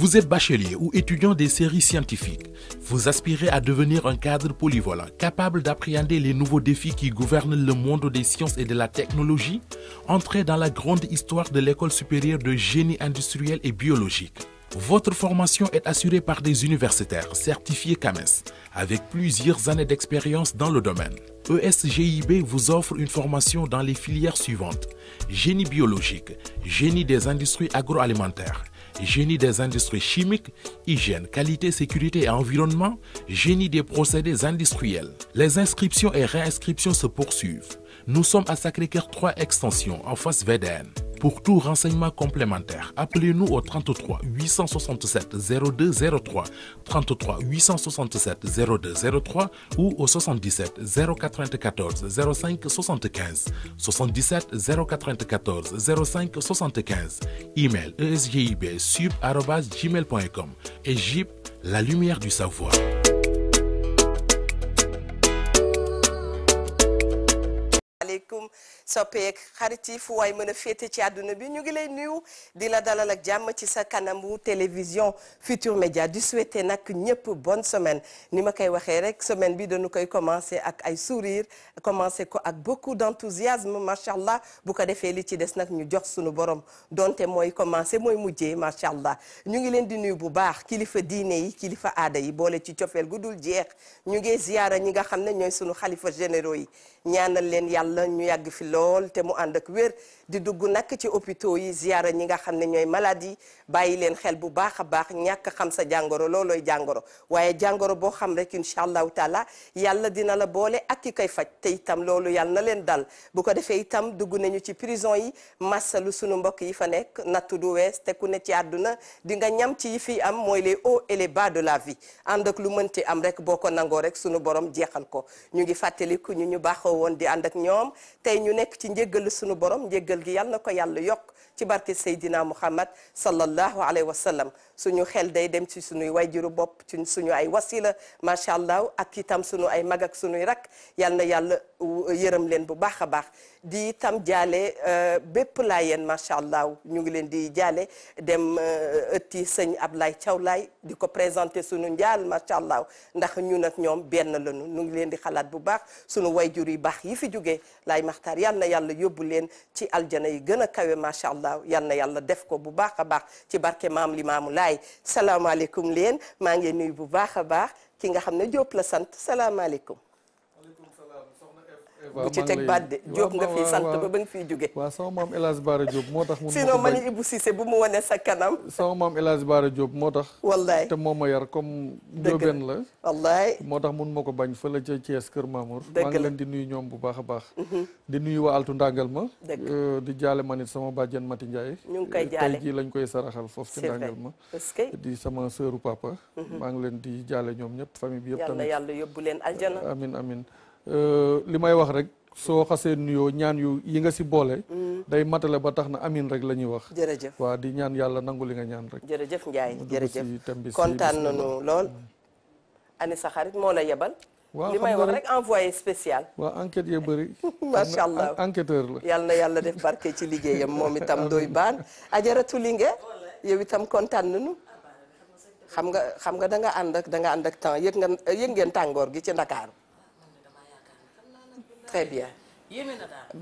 Vous êtes bachelier ou étudiant des séries scientifiques. Vous aspirez à devenir un cadre polyvalent, capable d'appréhender les nouveaux défis qui gouvernent le monde des sciences et de la technologie. Entrez dans la grande histoire de l'École supérieure de génie industriel et biologique. Votre formation est assurée par des universitaires certifiés CAMES, avec plusieurs années d'expérience dans le domaine. ESGIB vous offre une formation dans les filières suivantes: génie biologique, génie des industries agroalimentaires génie des industries chimiques, hygiène, qualité, sécurité et environnement, génie des procédés industriels. Les inscriptions et réinscriptions se poursuivent. Nous sommes à Sacré-Cœur 3 Extension, en face VDN. Pour tout renseignement complémentaire, appelez-nous au 33 867 02 03, 33 867 02 03 ou au 77 094 05 75, 77 094 05 75. Email esgib-sub@gmail.com. soppeek xarit yi fu waay mën a féete ci àdduna bi ñu ngi lay nuyu di la dalal ak jàmm ci sa kanam kanamu télévision Futur Média di souhaiter nag ñëpp bon semaine ni ma koy waxee rek semaine bi dañu koy commencer ak ay sourire commencer ko ak beaucoup d'enthousiasme macha allah bu ko defee li ci des nag ñu jox sunu borom donte mooy commencer mooy mujjee macha allah ñu ngi leen di nuyu bu baax kilifa diine yi kilifa aada yi boole ci cofeel gu dul jeex ñu ngi ziyaara ñi nga xam ne ñooy sunu xalifa généraux yi. ñaanal leen yàlla ñu yàgg fi lool te mu ànd ak wér di dugg nag ci hôpitaux yi ziara ñi nga xam ne ñooy maladie bàyyi leen xel bu baax a baax ñàkk xam sa jàngoro loolooy jàngoro waaye jàngoro boo xam rek incha allahu taala yàlla dina la boole ak ki kay faj te itam loolu yàlla na leen dal bu ko defee itam dugg nañu ci prison yi lu sunu mbokk yi fa nekk nattu du wees te ku ne ci àdduna di nga ñam ci yi fi am mooy les hauts et les de la vie ànd ak lu mënti am rek boo ko nangoo rek sunu borom jeexal ko ñu ngi fàttaliku ñu ñu baaxoo woon di ànd ak ñoom ñu nekk ci njéggalu sunu borom njéggal xéewal gi yal na ko yàlla yokk ci barke Seydina Muhammad sallallahu alayhi wa sallam suñu xel day dem ci suñuy wayjuru bopp ci suñu ay wasila macha allah ak itam suñu ay mag ak suñuy rak yal na yàlla yërëm leen bu baax a baax di itam jaale euh, bépp laayeen macha allah ñu ngi leen di jaale dem euh, ëtti sëñ Ablaye Thiaw Laye di ko présenté suñu njaal macha allah ndax ñun ak ñoom benn lañu ñu ngi leen di xalaat bu baax suñu wayjur yu baax yi fi jógee laay maxtaar yal na yàlla yóbbu leen ci aljana yi gën a kawe macha allah yal na yàlla def ko bu baax a baax ci barke maam li maamu laay Ndiaye salaamaaleykum leen maa ngi nuyu bu baax a baax ki nga xam ne Diop la sant salaamaaleykum. bu eh, ci teg baat de Diop nga fi sant ba ba nga fiy jóge sama maam El Baara Diop moo tax mun sinon ma ni Ibou Cissé bu mu wane sa kanam sama maam El Hadj Baara Diop moo tax wallaay te la wallaay moo tax mun ma ko bañ fële ca Thiès Kër Mamour maa ngi leen di nuyu ñoom bu baax a baax mhm. di nuyu waa altu ndàngal ma euh, di jaale ma nit sama bàjjen Mati Ndiaye ñu ngi koy euh, jaale tey jii lañ koy saraxal foofu ci ndàngal ma di sama sœuru papa mhm. maa ngi di jaale ñoom ñëpp famille bi yëpp tamit yóbbu leen aljana Euh, li may wax rek soo xasee nuyoo ñaan yu yi nga si boole. Mm. day matale ba tax na amin rek la ñuy wax. jërëjëf waa di ñaan yàlla nangu li nga ñaan rek. jërëjëf Ndiaye jërëjëf kontaan nañu lool. Mm. ani sa xarit moo la yebal. waaw li may wax rek envoyé spécial. waaw enquête ya bëri. macha allah enquêteur la. yàlla na yàlla def barke ci liggéeyam moom itam doy baan. ajaratu li nga yow itam kontaan nañu. xam nga xam nga da ànd ak da nga ànd ak temps yëg nga yëg ngeen tàngoor gi ci Ndakaaru très bien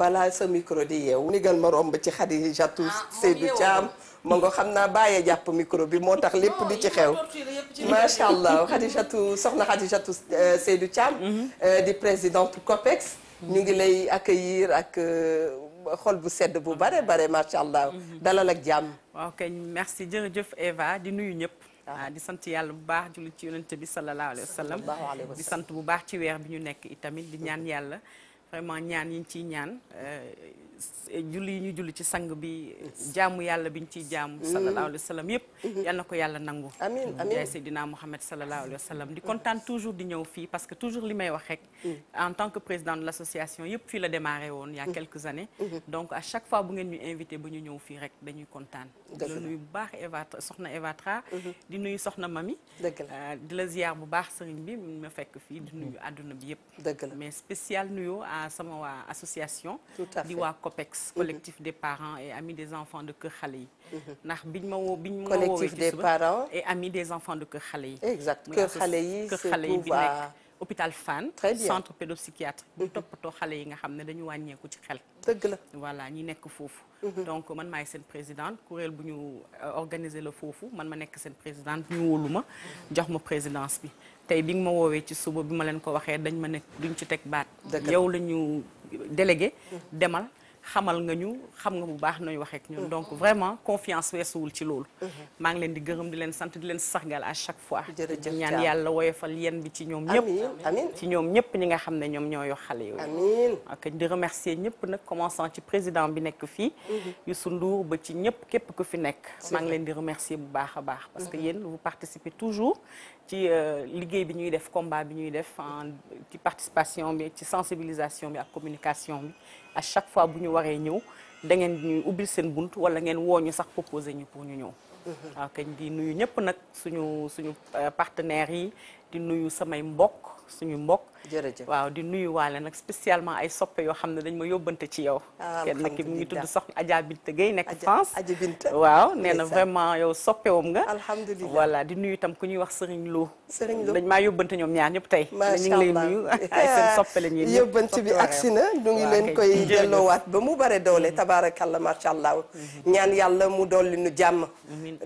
balaa sa micro di yeewu ni gal ma romb ci Xadijatu ah, Seydou Thiam ma nga xam naa bàyyee jàpp micro bi moo tax lépp di ci xew macha allah Xadijatu soxna Xadijatu euh, Seydou Thiam mhm. euh, di présidente COPEX mhm. ñu ngi lay accueillir ak euh, xol bu sedd bu bare bare macha allah mhm. dalal ak jàmm waaw kañ merci jërëjëf Eva di nuyu ñëpp ah. ah di sant yàlla bu baax julli ci yonente bi sallallahu alayhi wa sallam di sant bu baax ci weer bi ñu nekk itamit di ñaan yàlla vraiment ñaan yi ñu ciy ñaan euh, julli yi ñu julli ci sang bi jaamu yàlla biñ ciy jaamu sallallahu alayhi wa yëpp mm-hmm. na ko yàlla nangu amiin amiin jaay Seydina Mouhamed sallallahu kontaan toujours di ñëw fii parce que toujours li may wax rek mm. en tant que président de l' association yëpp fii la démarré woon il y a mm. quelques années mm-hmm. donc bu ngeen ñu invité fii rek dañuy kontaan di la nuyu bu baax Eva soxna Eva Tra mm-hmm. di nuyu soxna mami euh, di la ziyaar bu baax sëriñ bi ma fekk fii di nuyu àdduna bi yëpp mais spécial nuyoo à sama waa association di waa COPEX mhm. collectif des parents et amis des enfants de kër xale yi mhm. ndax bi mhm. xam ne dañu wàññeeku ci xel dëgg la voilà ñi nekk foofu donc man maay seen présidente kuréel bu ñu euh, organiser la foofu man ma nekk seen présidente ñu wóolu ma jox ma présidence bi tey bi ma woowee ci suba bi ma leen ko waxee dañ ma nekk duñ ci teg baat yow la délégué demal xamal nga ñu xam nga bu baax nooy waxeek ak ñun mm-hmm. donc vraiment confiance weesuwul ci loolu mm-hmm. maa ngi leen di gërëm di leen sant di leen sargal à chaque fois di ñaan yàlla woyofal yéen bi ci ñoom ñëpp amiin ci ñoom ñëpp ñi nga xam ne ñoom ñoo yor xale yooyu amiin ak di remercier ñëpp nag commençant ci président bi nekk fii mm-hmm. Youssou Ndour ba ci ñëpp képp ku fi nekk maa ngi leen di remercier bu baax a baax parce que yéen vous participez toujours ci euh, liggéey bi ñuy def combat bi ñuy def ci participation bi ci sensibilisation bi ak communication bi à chaque fois bu ñu waree ñëw da ngeen ñuy ubbil seen bunt wala ngeen woo ñu sax proposé ñu pour ñu ñëw. waaw kañ di nuyu ñëpp nag suñu suñu euh, partenaires yi di nuyu samay mbokk suñu mbokk. jërëjëf waaw di nuyu waale nag spécialement ay soppe yoo xam ne dañ ma yóbbante ci yow ah, kenn ki mu ngi tudd soxna Adja Binta nekk France waaw nee na vraiment yow soppe woom nga alhamdulilah voilà di nuyu tam ku ñuy wax sëriñ Lo Serigne dañ maa yóbbante ñoom ñaar ñëpp tey ñu ngi lay nuyu ay seen soppe la ñuy yóbbante bi agsi na ñu ngi leen koy delloowaat ba mu bare doole mhm. tabarakallah macha allah mhm. ñaan yàlla mu dolli nu jàmm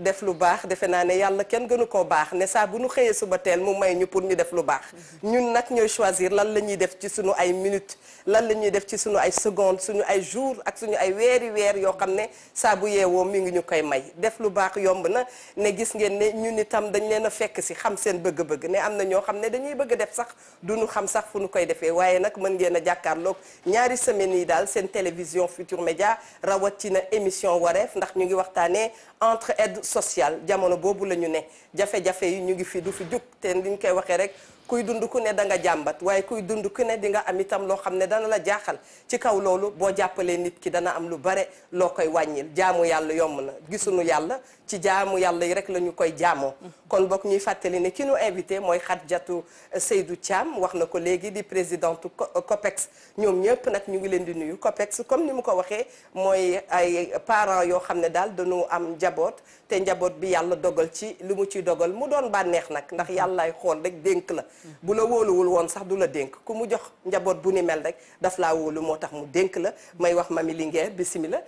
def lu baax defe naa ne yàlla kenn gënu koo baax ne saa bu nu xëyee suba teel mu may ñu pour ñu def lu baax mhm. choisir lan la ñuy def ci suñu ay minutes lan la ñuy def ci suñu ay secondes suñu ay jours ak suñu ay weeri weer yoo xam ne saabu yeewoo mi ngi ñu koy may def lu baax yomb na ne gis ngeen ne ñun itam dañ leen a fekk si xam seen bëgg-bëgg ne am na ñoo xam ne dañuy bëgg def sax duñu xam sax fu ñu koy defee waaye nag mën ngeen a jàkkaarloog ñaari semaines yi daal seen télévision Futurs Médias rawatina émission wareef ndax ñu ngi waxtaanee entre aide sociale jamono boobu la ñu ne jafe-jafe yi ñu ngi fi du fi jug liñ koy waxee rek kuy dund ku ne danga jàmbat waaye kuy dund ku ne dinga am itam loo xam ne dana la jaaxal ci kaw loolu boo jàppalee nit ki dana am lu bare loo koy wàññil jaamu yàlla yomb na gisuñu yàlla ci jaamu yàlla yi rek la ñu koy jaamoo kon bokk ñuy fàttali ne ki ñu invité mooy xat Khadijatou euh, Seydou caam wax na ko léegi di présidente euh, COPEX ñoom ñëpp nag ñu ngi leen di nuyu COPEX comme ni mu ko waxee mooy ay parents yoo xam ne daal dañu am njaboot te njaboot bi yàlla dogal ci li mu ciy dogal mu doon bànneex nag ndax mm-hmm. yàllaay xool rek dénk la mm-hmm. bu la wóoluwul woon sax du la dénk ku mu jox njaboot bu ni mel rek daf laa wóolu moo tax mu dénk la may wax ma mami Linguère bisimilah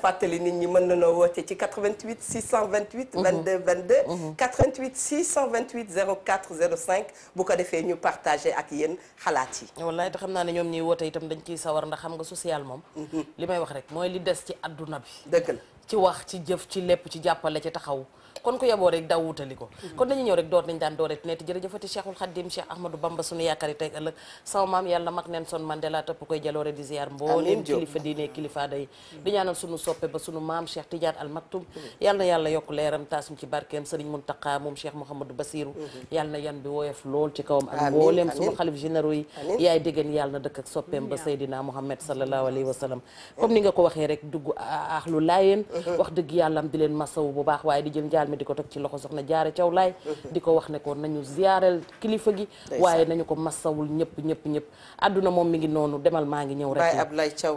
fàttali nit ñi mën na noo woote ci 88 628 22 22 88 88 628 04 05 bu ko defee ñu partagé ak yéen xalaat yi. wallaay te xam naa ne ñoom ñuy woote itam dañ ciy sawar ndax xam nga social moom. Mhm. li may wax rek mooy li des ci adduna bi. dëgg la ci wax ci jëf ci lépp ci jàppale ci taxaw. kon ku yeboo rek daw wutali ko kon dañu ñëw rek door nañ daan dooreti nett jërëjëfati Cheikhul Khadim Cheikh Ahmadou Bamba sunu yaakaar yi tey ëllëg sama maam yàlla mag Nelson Mandela topp koy jaloore di ziar mbooleem kilifa diine kilifa day di ñaanal sunu soppe ba sunu maam Cheikh Tidiane Al yàlla yàlla yokk leeram taasum ci barkeem Serigne Mountakha moom Cheikh Mouhamadou Bassirou yàlla yan bi woyof lool ci kawam ak mbooleem sunu xalif généraux yi di ko teg ci loxo soxna jaare caw laay mhm. di ko wax ne ko nañu ziyaareel kilifa gi waaye nañu ko massawul ñëpp ñëpp ñëpp àdduna moom mi ngi noonu demal maa ngi ñëw rek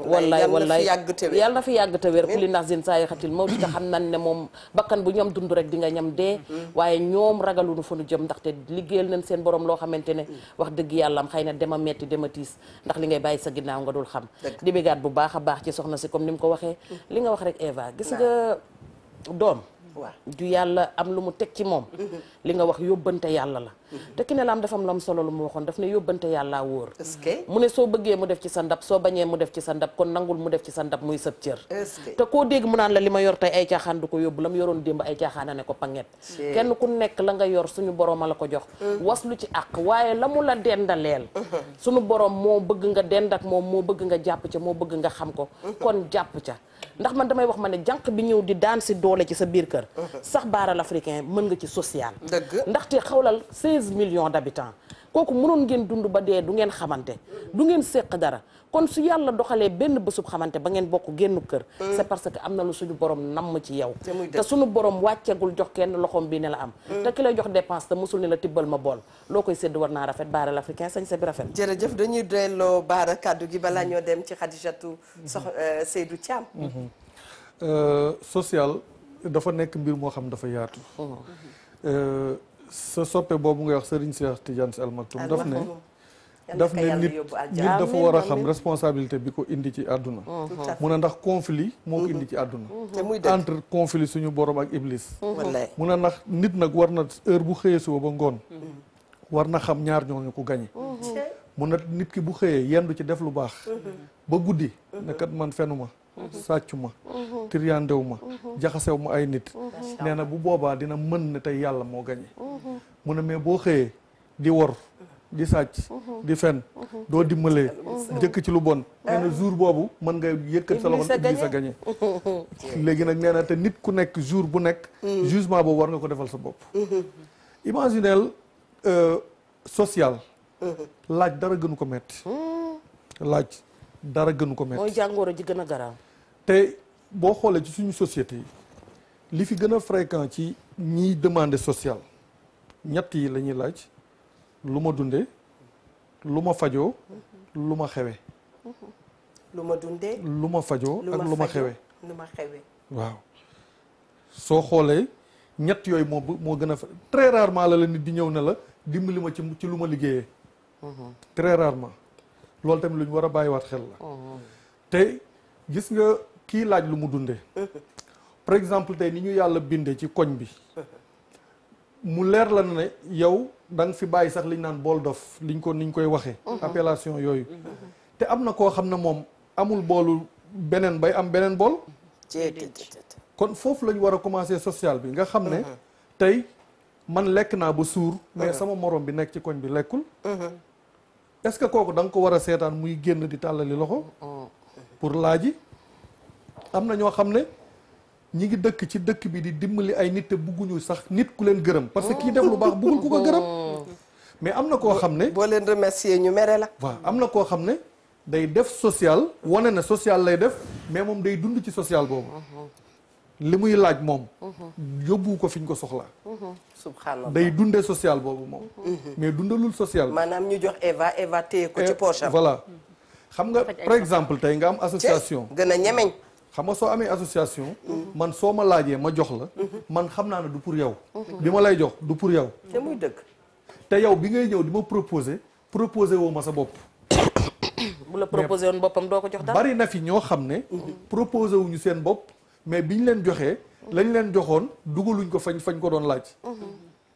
wallaay wallaay yàlla na fi yàgg te wér ku li ndax seen saa yaxatil maw xam nan ne moom bakkan bu ñam dund rek di nga ñam dee mhm. waaye ñoom ragalunu fa nu jëm ndaxte liggéeyal nañ seen boroom loo xamante ne mhm. wax dëgg yàlla am xëy na dema metti dema tiis ndax li ngay bàyyi sa ginnaaw nga dul xam di bégaat bu baax a baax ci soxna si comme ni mu ko waxee li nga wax rek Eva gis nga doom waaw du yàlla am lu mu teg ci moom mm-hmm. li nga wax yóbbante yàlla la mm-hmm. te ki ne la am dafa am lu am solo lu mu waxoon daf ne yóbbante yàlla wóor mu ne soo bëggee mu def ci sa ndab soo bañee mu def ci sa ndab kon nangul mu def ci sa ndab muy sëb cër te koo dégg mu naan la li ma yor tey ay caaxaan du ko yóbbu la mu yoroon démb ay caaxaan ne ko panget kenn ku nekk la nga yor suñu boroom a la ko jox mm-hmm. waslu ci àq waaye la mu la dendaleel suñu boroom moo bëgg nga moo bëgg nga jàpp ca moo bëgg nga xam ko kon jàpp ndax man damay wax ma ne jànq bi ñëw di daan si doole ci sa biir kër sax baaral africain mën nga ci social ndaxte xawlal 16 millions d'habitants kooku mënoon ngeen dund ba dee du ngeen xamante du ngeen séq dara kon su yàlla doxalee benn bésub xamante ba ngeen bokk génn kër mm. c'est parce que am na lu suñu borom namm ci yow te suñu borom wàccegul jox kenn loxoom bi ne la am mm. te ki lay jox dépense te musul ni la tibbal ma bool loo koy sédd war naa rafet baara l'africain sañ sa bi rafet jërëjëf dañuy delloo baara kàddu gi balaa ñoo dem ci Xadijatu sox mm-hmm. euh, Seydou Thiam mm-hmm. Mm-hmm. Euh, social dafa nekk mbir moo xam dafa yaatu euh, sa soppe boobu ngay wax Serigne Cheikh Tidiane Sy Al Maktoum daf ne daf ne nit nit dafa war a xam responsabilité bi ko indi ci àdduna mhm. mu ne ndax conflit moo ko mhm. indi ci àdduna mhm. entre conflit suñu borom ak iblis mu ne ndax nit nag war na heure bu xëyee suba ba ngoon war na xam ñaar ñooñu ko gañe mu ne nit ki bu xëyee yendu ci def lu baax ba guddi ne man fenu ma sàccu ma tiriyandew ma jaxasew ma ay nit nee na bu boobaa dina mën na tey yàlla moo gañe mu ne mais boo xëyee di wor di sàcc mhm. di fenn mhm. doo dimbalee mhm. jëkk ci lu bon nee jour boobu mën nga yëkkat sa loxo a gagné léegi nag nee na nit ku nekk jour bu nekk jugement boobu war nga ko defal sa bopp imaginel euh, social laaj dara gënu ko metti laaj dara gënu ko metti mooy jàngoro gën a garaaw te boo xoolee ci suñu société yi li fi gën a fréquent ci ñiy demande sociale ñett yi la ñuy laaj lu ma dunde lu ma fajoo lu ma xewe lu ma dunde lu ma fajoo ak lu ma xewe lu ma xewe waaw soo xoolee ñett yooyu moo gën a fa très rarement la la nit di ñëw ne la dimbali ma ci ci lu ma liggéeyee mhm. très rarement loolu tamit lu ñu war a bàyyiwaat xel la mhm. te gis nga kii laaj lu mu dunde par exemple tey ni ñu yàlla binde ci koñ bi mu leer la ne yow da fi bàyyi sax liñ naan bool dof liñ ko niñ koy waxee uh-huh. appellation yooyu uh-huh. te am na koo xam ne moom amul boolu beneen bay am beneen bool kon foofu lañ war a commencer sociale bi nga xam ne uh-huh. tey man lekk naa ba suur mais sama morom bi nekk ci koñ bi lekkul est-ce que kooku da nga ko war a seetaan muy génn di tàllali loxo oh. pour laaji am na ñoo xam ne ñi ngi dëkk ci dëkk bi di dimbali ay nit te bugguñu sax nit ku leen gërëm parce que kii def lu baax oh. buggul ku ko gërëm mais am na koo xam ne boo ñu mere la waaw am na koo xam ne day def social wane na social lay def mais moom day dund ci social boobu li muy laaj moom yóbbu ko fi ñu ko soxlaa subhanallah day dundee social boobu moom mhm. mais dundalul social maanaam ñu jox Eva Eva téye ko ci eh, poche voilà xam nga par exemple tey nga am association gën a xam nga soo amee association. man soo ma laajee ma jox la. man xam naa ne du pour yow. bi ma lay jox du pour yow. te muy dëgg. te yow bi ngay ñëw di ma proposer proposer woo ma sa bopp. bu boppam doo ko jox dara. bari na fi ñoo xam ne. proposer wuñu seen bopp mais bi biñ leen joxee. lañ leen joxoon dugaluñ ko fañ fañ ko doon laaj.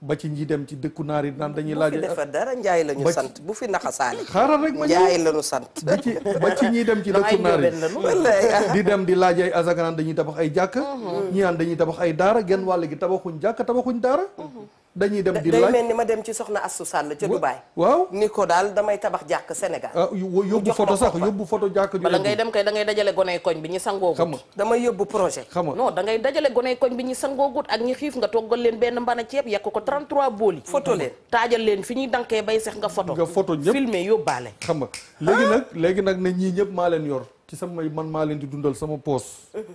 ba ci ñi dem ci dëkku naar yi naan dañuy laaj. bu fi defar dara njaay sant bu fi naxasaale. xaaral rek ma njaay la ñu sant. ba ci ba dem ci dëkku naar yi di dem di laaj ay asaka naan dañuy tabax ay jàkka. Mhm. ñi naan dañuy tabax ay daara genn wàll gi tabaxuñ jàkk tabaxuñ daara. Mhm. dañuy dem di laaj day mel ni ma dem ci soxna Astou Sall ca Dubaï. waaw ni ko daal damay tabax jàkk Sénégal. Ah, yóbbu photo sax yóbbu photo jàkk ñu. la ngay dem kay da ngay dajale goney koñ bi ñu sangoogut. xam nga damay yóbbu projet. xam nga non da ngay dajale goney koñ bi ñu sangoogut ak ñi xiif nga toggal leen benn mbana ceeb yekk ko 33 booli. photo leen taajal leen fi ñuy dankee bay sex nga photo nga photo ñëpp filmé yóbbaale. xam nga léegi nag léegi nag ne ñii ñëpp maa leen yor ci samay man maa leen di dundal sama poos mhm.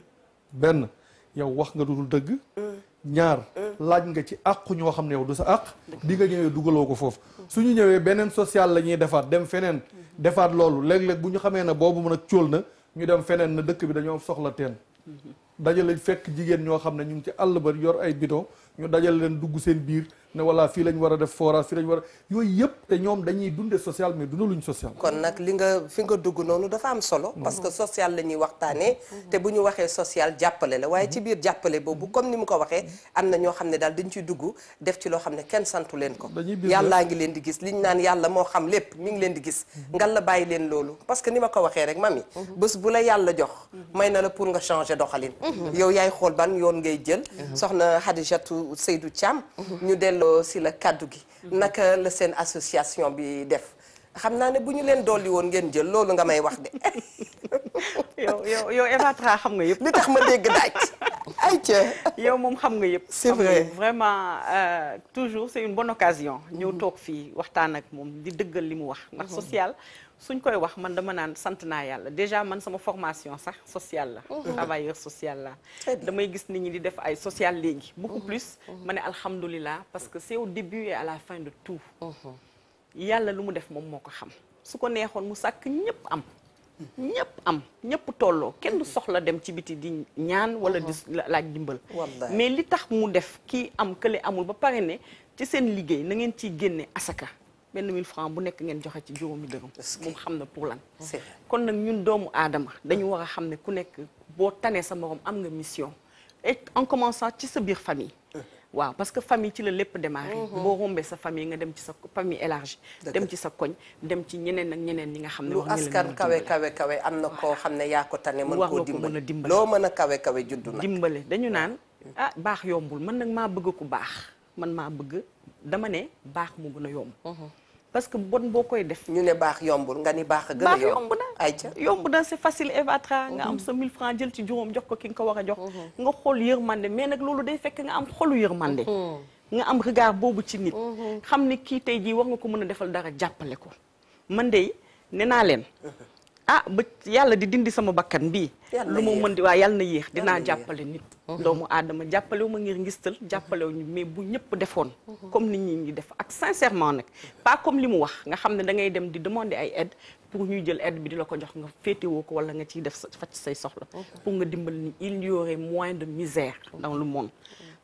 benn yow wax nga dudul dëgg mhm. ñaar laaj nga ci àq ñoo xam ne yow du sa àq bi nga ñëwee dugaloo ko foofu su ñu ñëwee beneen social la ñuy defaat dem feneen defaat loolu léeg-léeg bu ñu xamee ne boobu mën a cóol na ñu dem feneen na dëkk bi dañoo soxla teen dajale fekk jigéen ñoo xam ne ñu ngi ci àll ba yor ay bidon ñu dajal leen dugg seen biir ne voilà fii lañ war a def forage fii lañ war a yooyu yëpp te ñoom dañuy dunde social mais dundaluñ social kon nag li nga fi nga dugg noonu dafa am solo parce social la ñuy waxtaanee te bu ñu waxee social jàppale la waaye ci biir jàppale boobu mm-hmm. comme ni mu ko waxee am na ñoo xam ne daal dañ ciy dugg def ci loo xam ne kenn santu leen ko yàllaa ngi leen di gis liñ naan yàlla moo xam lépp mi ngi leen di gis mm-hmm. ngal la bàyyi leen loolu parce que ni ma ko waxee rek mami mm-hmm. bés bu la yàlla may na la pour nga changer doxalin yow yaay xool ban yoon ngay jël soxna Hadijatu Seydou Thiam ñu delloo si la kàddu gi naka la seen association bi def xam naa ne bu ñu leen dolli woon ngeen jël loolu nga may wax de yow yow yow Eva Tra xam nga yëpp li tax ma dégg daaj ay ca yow moom xam nga yëpp c'est vrai vraiment euh, toujours c'est une bonne occasion ñëw mm-hmm. toog fii waxtaan ak moom di dëggal li mu wax ndax mm-hmm. social suñ koy wax man dama naan sant naa yàlla déjà man sama formation sax sociale la. travailleur social la. damay gis nit ñi di def ay sociale léegi. beaucoup plus ma ne alhamdulilah parce que c'est au début et à la fin de tout. yàlla lu mu def moom moo ko xam su ko neexoon mu sàkk ñépp am. ñëpp am ñëpp tolloo kenn soxla dem ci biti di ñaan wala di laaj dimbal mais li tax mu def kii am kële amul ba pare ne ci seen liggéey na ngeen ciy génne asaka benn mille franc bu nekk ngeen joxe ci juróomi dërëm moom xam na pour lan kon nag ñun doomu aadama dañu war a xam ne ku nekk boo tanee sa morom am nga mission et en commençant ci sa biir famille waaw parce que famille ci la lépp démarré boo rombee sa famille nga dem ci sa famille élargie dem ci sa koñ dem ci ñeneen ak ñeneen ñi nga xam ne lu askan kawe kawe kawe am na koo xam ne yaa ko tane mën koo dimbale loo mën a kawe kawe juddu nag dimbale dañu naan ah baax yombul man nag maa bëgg ku baax man maa bëgg dama ne baax mu gën a yomb. Mhm. parce que bon boo koy def. ñu ne baax yombul nga ni baax a gën a yomb baax yomb na yomb na c'est facile Eva mhm. nga am sa 1000 francs jël ci juróom jox ko ki nga ko war a jox. Mhm. nga xool yërmande mais nag loolu day fekk nga am xolu yërmande. nga am regard boobu ci nit. xam ni kii tey jii war nga ko mën a defal dara jàppale ko man de nee naa leen. ah ba yàlla di dindi sama bakkan bii lu ma mën di waa yàlla na yéex dinaa jàppale nit mm-hmm. doomu aadama jàppalewu ma ngir ngistal jàppalew ñu mais bu ñëpp defoon mm-hmm. comme nit ñi ngi def ak sincèrement nag pas comme li mu wax nga xam ne da ngay dem di demander ay aide pour ñuy jël aide bi di la ko jox nga féetewoo ko wala nga ciy def faj say soxla mm-hmm. pour nga dimbal ni il y moins de misère dans le monde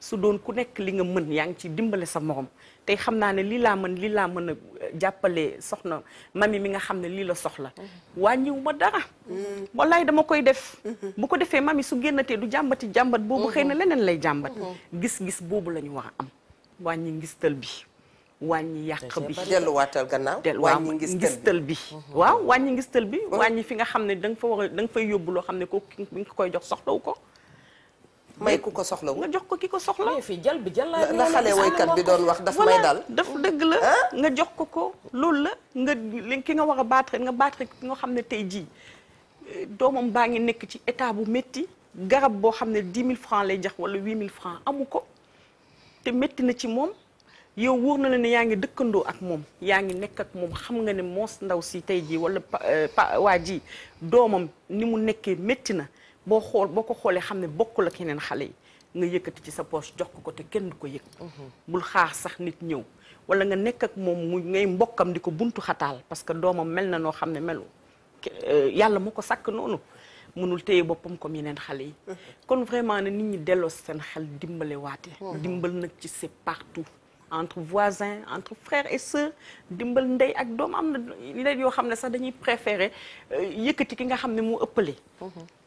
su doon ku nekk li nga mën yaa ngi ci dimbale sa morom tey xam naa ne lii laa mën lii laa mën a euh, jàppale soxna mami mi nga xam ne lii la soxla mhm. wàññiwu ma dara mhm. wallaay dama koy def mhm. bu ko defee mami su génnatee du jàmbati jàmbat boobu xëy na leneen lay jàmbat gis-gis boobu lañu wax am wàññi ngistal bi wàññi yàq bi delluwaatal gannaaw wàññi ngistal bi waaw wàññi ngistal bi wàññi fi nga xam ne da nga fa da nga fay yóbbu loo xam ne kooku bi nga koy jox soxlawu ko may ku ko soxla nga jox ko ki ko soxla. mais fii jal bi jal laa la xale woykat bi doon wax daf may daal. daf dëgg la ah? nga jox ko ko loolu la nga ki nga war a battre nga battre ki nga xam ne tey jii euh, doomam baa ngi nekk ci état bu métti garab boo xam ne 10 mille francs lay jax wala 8 000 francs amu ko te métti na ci moom. yow wóor na la ne yaa ngi dëkkandoo ak moom yaa ngi nekk ak moom xam nga ne moos ndaw si tey jii wala pa euh, waa ji doomam ni mu nekkee métti na boo xool boo ko xoolee xam ne bokk la keneen xale yi nga yëkkati ci sa poche jox ko ko te kenn du ko yëg mhm. bul xaar sax nit ñëw wala nga nekk ak moom mu ngay mbokkam di ko buntu xataal parce que doomam mel na noo xam ne melu euh, yàlla moo ko sàkk noonu mënul téye boppam comme yeneen xale yi mhm. kon vraiment ne nit ñi delloo seen xel dimbale waate mhm. dimbal nag ci se partout entre voisins entre frères et sœurs dimbal ndey ak doom am na ndey yoo xam ne sax dañuy préférer euh, yëkkati ki nga xam ne mu ëppale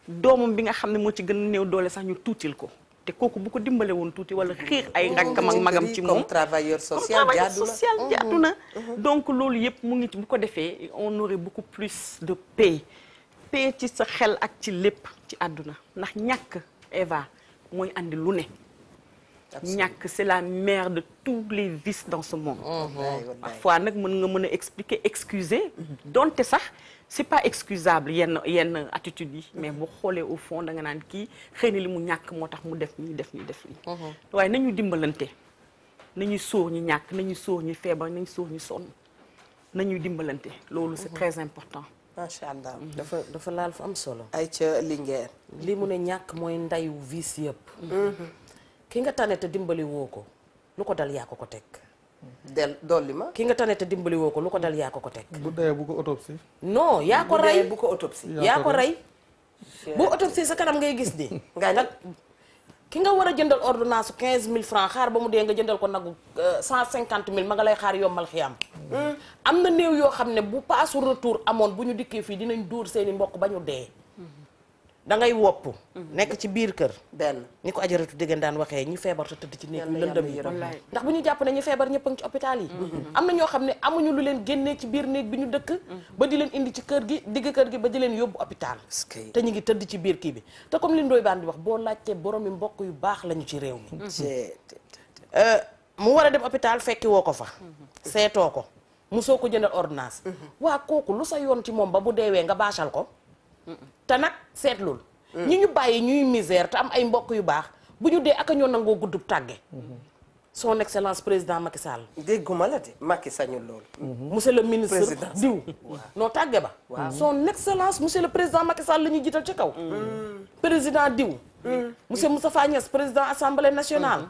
doomam bi nga xam ne moo ci gën a néew doole sax ñu tuutil ko te kooku bu ko dimbalee woon tuuti wala xiir ay rakkam ak magam ci moom travailleur social jaadu na donc loolu yëpp mu ngi ci bu ko defee on aurait beaucoup plus de paix paix ci sa xel ak ci lépp ci àdduna ndax ñàkk Eva mooy andi lu ne ñàkk c'est la maire de tous les vis dans ce monde parfois nag mën nga mën a expliquer excuser donte sax c'est pas excusable yenn yenn attitude yi mais boo xoolee au fond danga naan kii xëy na li mu ñàkk moo tax mu def nii def ñu def nii mhm. waaye nañu dimbalante nañu sóor ñi ñàkk nañu sóor ñi feebar nañu sóor ñi sonn nañuy dimbalante loolu c'est mhm. très important macha allah mhm. dafa dafa laal fu am solo ay ca Linguère li mu ne ñàkk mooy ndeyu vis yëpp ki nga tànne te dimbali woo ko lu ko dal yaa ko ko teg del dolli ma. ki nga tane te dimbali woo ko lu ko dal yaa ko ko teg. bu dee bu ko autopsie. non yaa ko rey bu ko autopsie. yaa ko rey bu autopsie sa kanam ngay gis de. nga nag ki nga war a jëndal ordonnance su mille francs xaar ba mu dee nga jëndal ko nagu 150000 euh, ma nga lay xaar yombal xiyam. Hmm. am na néew yoo xam ne bu paasu retour amoon bu ñu dikkee fii dinañ dóor seeni mbokk ba ñu dee. da ngay wopp nekk ci biir kër benn ni ko ajaratu déggan daan waxee ñi feebar te tëdd ci néeg yu lëndëm yi ndax bu ñu jàpp ne ñi feebar ñëpp a ci hôpital yi mm-hmm. am na ñoo xam ne amuñu lu leen génnee ci biir néeg bi ñu dëkk mm-hmm. ba di leen indi ci kër gi digg kër gi ba di leen yóbbu hôpital te ñu ngi tëdd ci biir kii bi te comme li Ndoye Bane di wax boo laajtee boromi mbokk yu baax lañu ci réew mi mm-hmm. euh, mu war a dem hôpital fekki woo ko fa seetoo ko mu soo ko jëndal ordonnance waa kooku lu sa yoon ci moom ba bu deewee nga baasal ko te nag seetlul. ñi ñu bàyyi ñuy misère te am ay mbokk yu baax bu ñu dee ak ñoo nangoo guddub tàgge. son excellence président Macky Sall. dégguma la de Macky sañul loolu. Mhm. monsieur le ministre diw noo tàggee ba. Mhm. son excellence monsieur le président Macky Sall la ñuy jiital ci kaw. Mhm. président diw. monsieur Moustapha Niasse président assemblée nationale.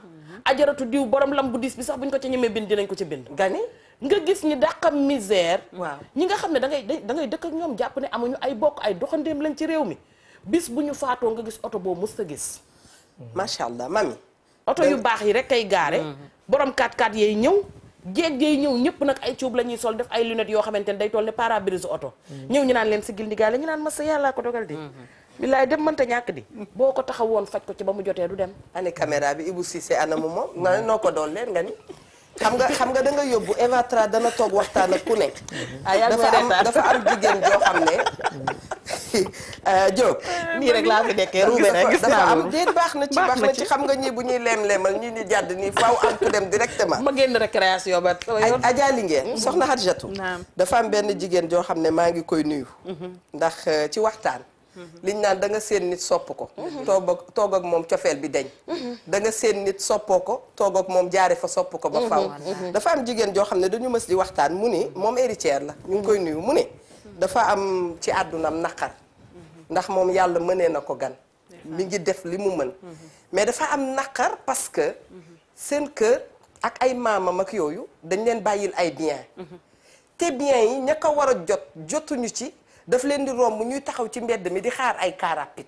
ajaratu diw borom lam bu diis bi sax buñ ko ci ñemee bind dinañ ko ci bind. gani nga gis ñi dàqam misère. waaw ñi nga xam ne da ngay da ngay dëkk ñoom jàpp ne amuñu ay bokk ay doxandeem lañ ci réew mi bis bu ñu faatoo nga gis oto boobu mës sa gis. Mm-hmm. macha allah mami. oto yu baax yi rek kay gaare. Mm-hmm. borom 4x4 yee ñëw. jéeg yee ñëw ñëpp nag ay cuub la ñuy sol def ay lunettes yoo xamante ne day toll ne pare-brise oto. Mm-hmm. ñëw ñu naan leen si gil ndigaale ñu naan ma sa yàllaa ko dogal di. bilaay dem mënta ñàkk di. boo ko taxawoon faj ko ci ba mu jotee du dem. ane caméra bi Ibou Cissé ana mu moom. noo ko doon leen nga ni xam nga xam nga danga yóbbu Eva dana toog waxtaan ak ku ne. Ah, dafa am dafa am jigéen joo xam ne. Euh, ah, nii rek laa fi dafa am baax na ci baax na ci xam nga ñii bu ñuy leem-leemal ñii ñu jàdd nii faaw am ku dem directement. ma génn récréation ba. Adja Linguère mm-hmm. soxna Hadjatou. dafa am benn jigéen joo xam ne maa ngi koy nuyu. Mm-hmm. ndax euh, ci waxtaan. liñ naan danga nga seen nit sopp ko toog ak toog ak moom cofeel bi deñ da nga seen nit soppoo ko toog ak moom jaare fa sopp ko ba faw dafa am jigéen joo xam ne dañu mës di waxtaan mu ni moom héritière la ñu ngi koy nuyu mu ne dafa am ci àddunam naqar ndax moom yàlla mënee na ko gan mi ngi def li mu mën mais dafa am naqar parce que seen kër ak ay maamam ak yooyu dañ leen bàyyil ay bien te bien yi ña war a jot jotuñu ci daf leen di romb ñuy taxaw ci mbedd mi di xaar ay car rapide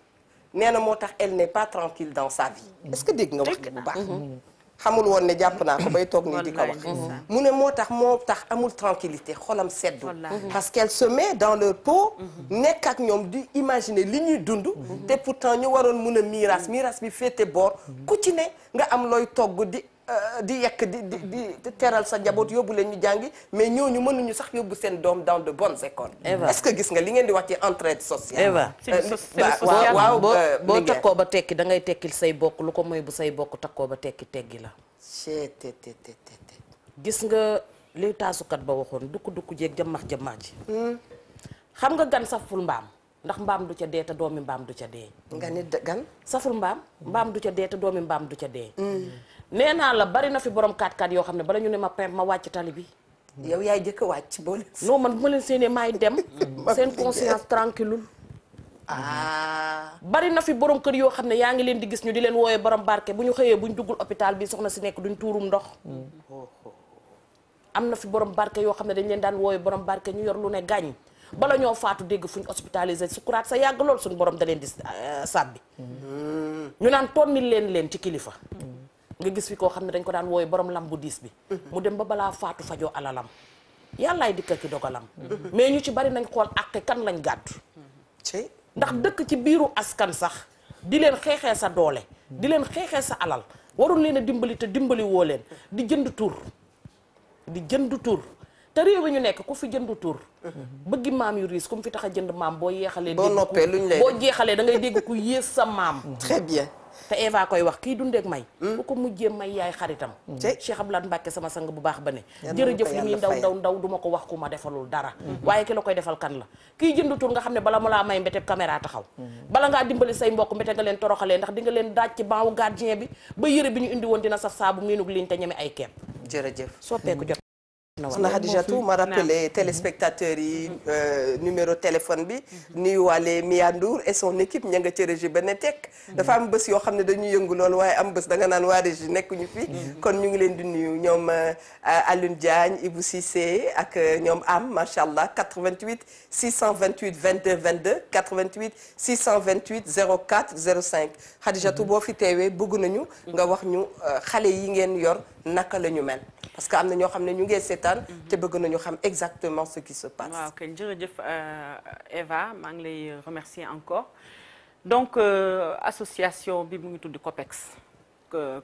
nee na moo tax elle n'est pas tranquille dans sa vie mm-hmm. est-ce que dégg nga wax ji bu baax mm-hmm. xamul woon ne jàpp naa ko bay toog nii di ko wax mm-hmm. mu ne moo tax moo tax amul tranquillité xolam seddu parce qu'elle se met dans leur peau nekk ak ñoom di imagine li ñuy dund te pourtant ñu waroon mun a miiras miiras mi féete boor ku ci ne nga am looy togg di Euh, di yekk di di di teral sa njaboot yóbbu leen ñu jàngi mais ñoo ñooñu mënuñu sax yóbbu seen doom dans de bonnes écoles. est-ce que gis nga li ngeen di wax ci entraide sociale. Eva euh, waaw euh, ba tekki da ngay tekkil say bokk ko mooy bu say bokk takkoo ba tekki teggi la. gis nga li taasukat ba waxoon dukk dukk jeeg jamax jamax ji. Hmm? xam nga gan saful mbaam. ndax mbaam du ca dee te doomi mbaam du ca dee. nga ni gan. saful mbaam mbaam du ca dee te doomi mbaam du ca dee. Hmm. nee naa la bari na fi borom 4 x yoo xam ne bala ñu ne ma pimp ma wàcc tali bi. yow yaay jëkk a wàcc boo leen. non man bu ma leen séenee maay dem. seen conscience tranquille ah. bari na fi borom kër yoo xam ne yaa ngi leen di gis ñu di leen wooyee borom barke bu ñu xëyee bu ñu duggul hôpital bi soxna si nekk duñ tuurum ndox. Mm. am na fi borom barke yoo xam ne dañ leen daan wooyee borom barke ñu yor lu ne gaañ. bala ñoo faatu dégg fuñ hospitalisé sukuraat sa yàgg lool suñu borom da leen di euh, sàbbi. Mm. ñu naan tonnil leen leen ci kilifa. Mm. nga gis fi koo xam ne dañ ko daan wooye borom lam bu diis bi mhm. mu dem ba balaa faatu fajoo alalam yàllaay dikka ki dogalam mhm. mais ñu ci bari nañ xool àq kan lañ gàddu mhm. ndax dëkk ci biiru askan sax di leen xeexee sa doole di leen xeexee sa alal warul leen a dimbali te dimbali woo leen di jënd tur di jënd tur te réew mi ñu nekk ku fi jënd tur bëggi maam yu riis ku mu fi tax a jënd maam boo yeexalee boo noppee luñ lay boo jeexalee da ngay dégg ku yées sa maam très bien te Eva koy wax kii dundeek may bu hmm? ko mujjee may yaay xaritam hmm. Cheikh Abdoulaye Mbacke sama sang bu baax ba ne jërëjëf li muy ndaw ndaw ndaw du ma ko wax ku ma defalul dara hmm. waaye ki la koy defal kan la kii jënd tur nga xam ne bala mu laa may mbete caméra taxaw bala ngaa dimbali say mbokk mbete nga leen toroxalee ndax dinga nga leen daaj ci banwu gardien bi ba yëre bi ñu indi woon dina saf saabu miinug liñ te ñeme ay kepp jërëjëf soppeeku jot soxna Xadijatu ma rappelé téléspectateurs yi mm-hmm. euh, numéro téléphone bi nuyuwaale Mia Ndour et son équipe ña nga ci régie ba ne tekk mm-hmm. dafa am bés yoo xam ne dañuy yëngu lool waaye am bés da nga naan waa régie nekkuñu fi mm-hmm. kon ñu ngi leen di nuyu ñoom euh, Alioune Diagne Ibou Cissé ak euh, ñoom am macha allah 88 628 22 22 88 628 04 05 Xadijatu boo fi teewee bëgg nañu nga wax ñu xale yi ngeen yor naka la ñu mel parce que am na ñoo xam ne ñu ngi seetaan seetaan mhm. te bëgg nañu xam exactement ce qui se passe waaw kay jërëjëf euh, Eva maa ngi lay remercier encore donc euh, association bi mu ngi tudd COPEX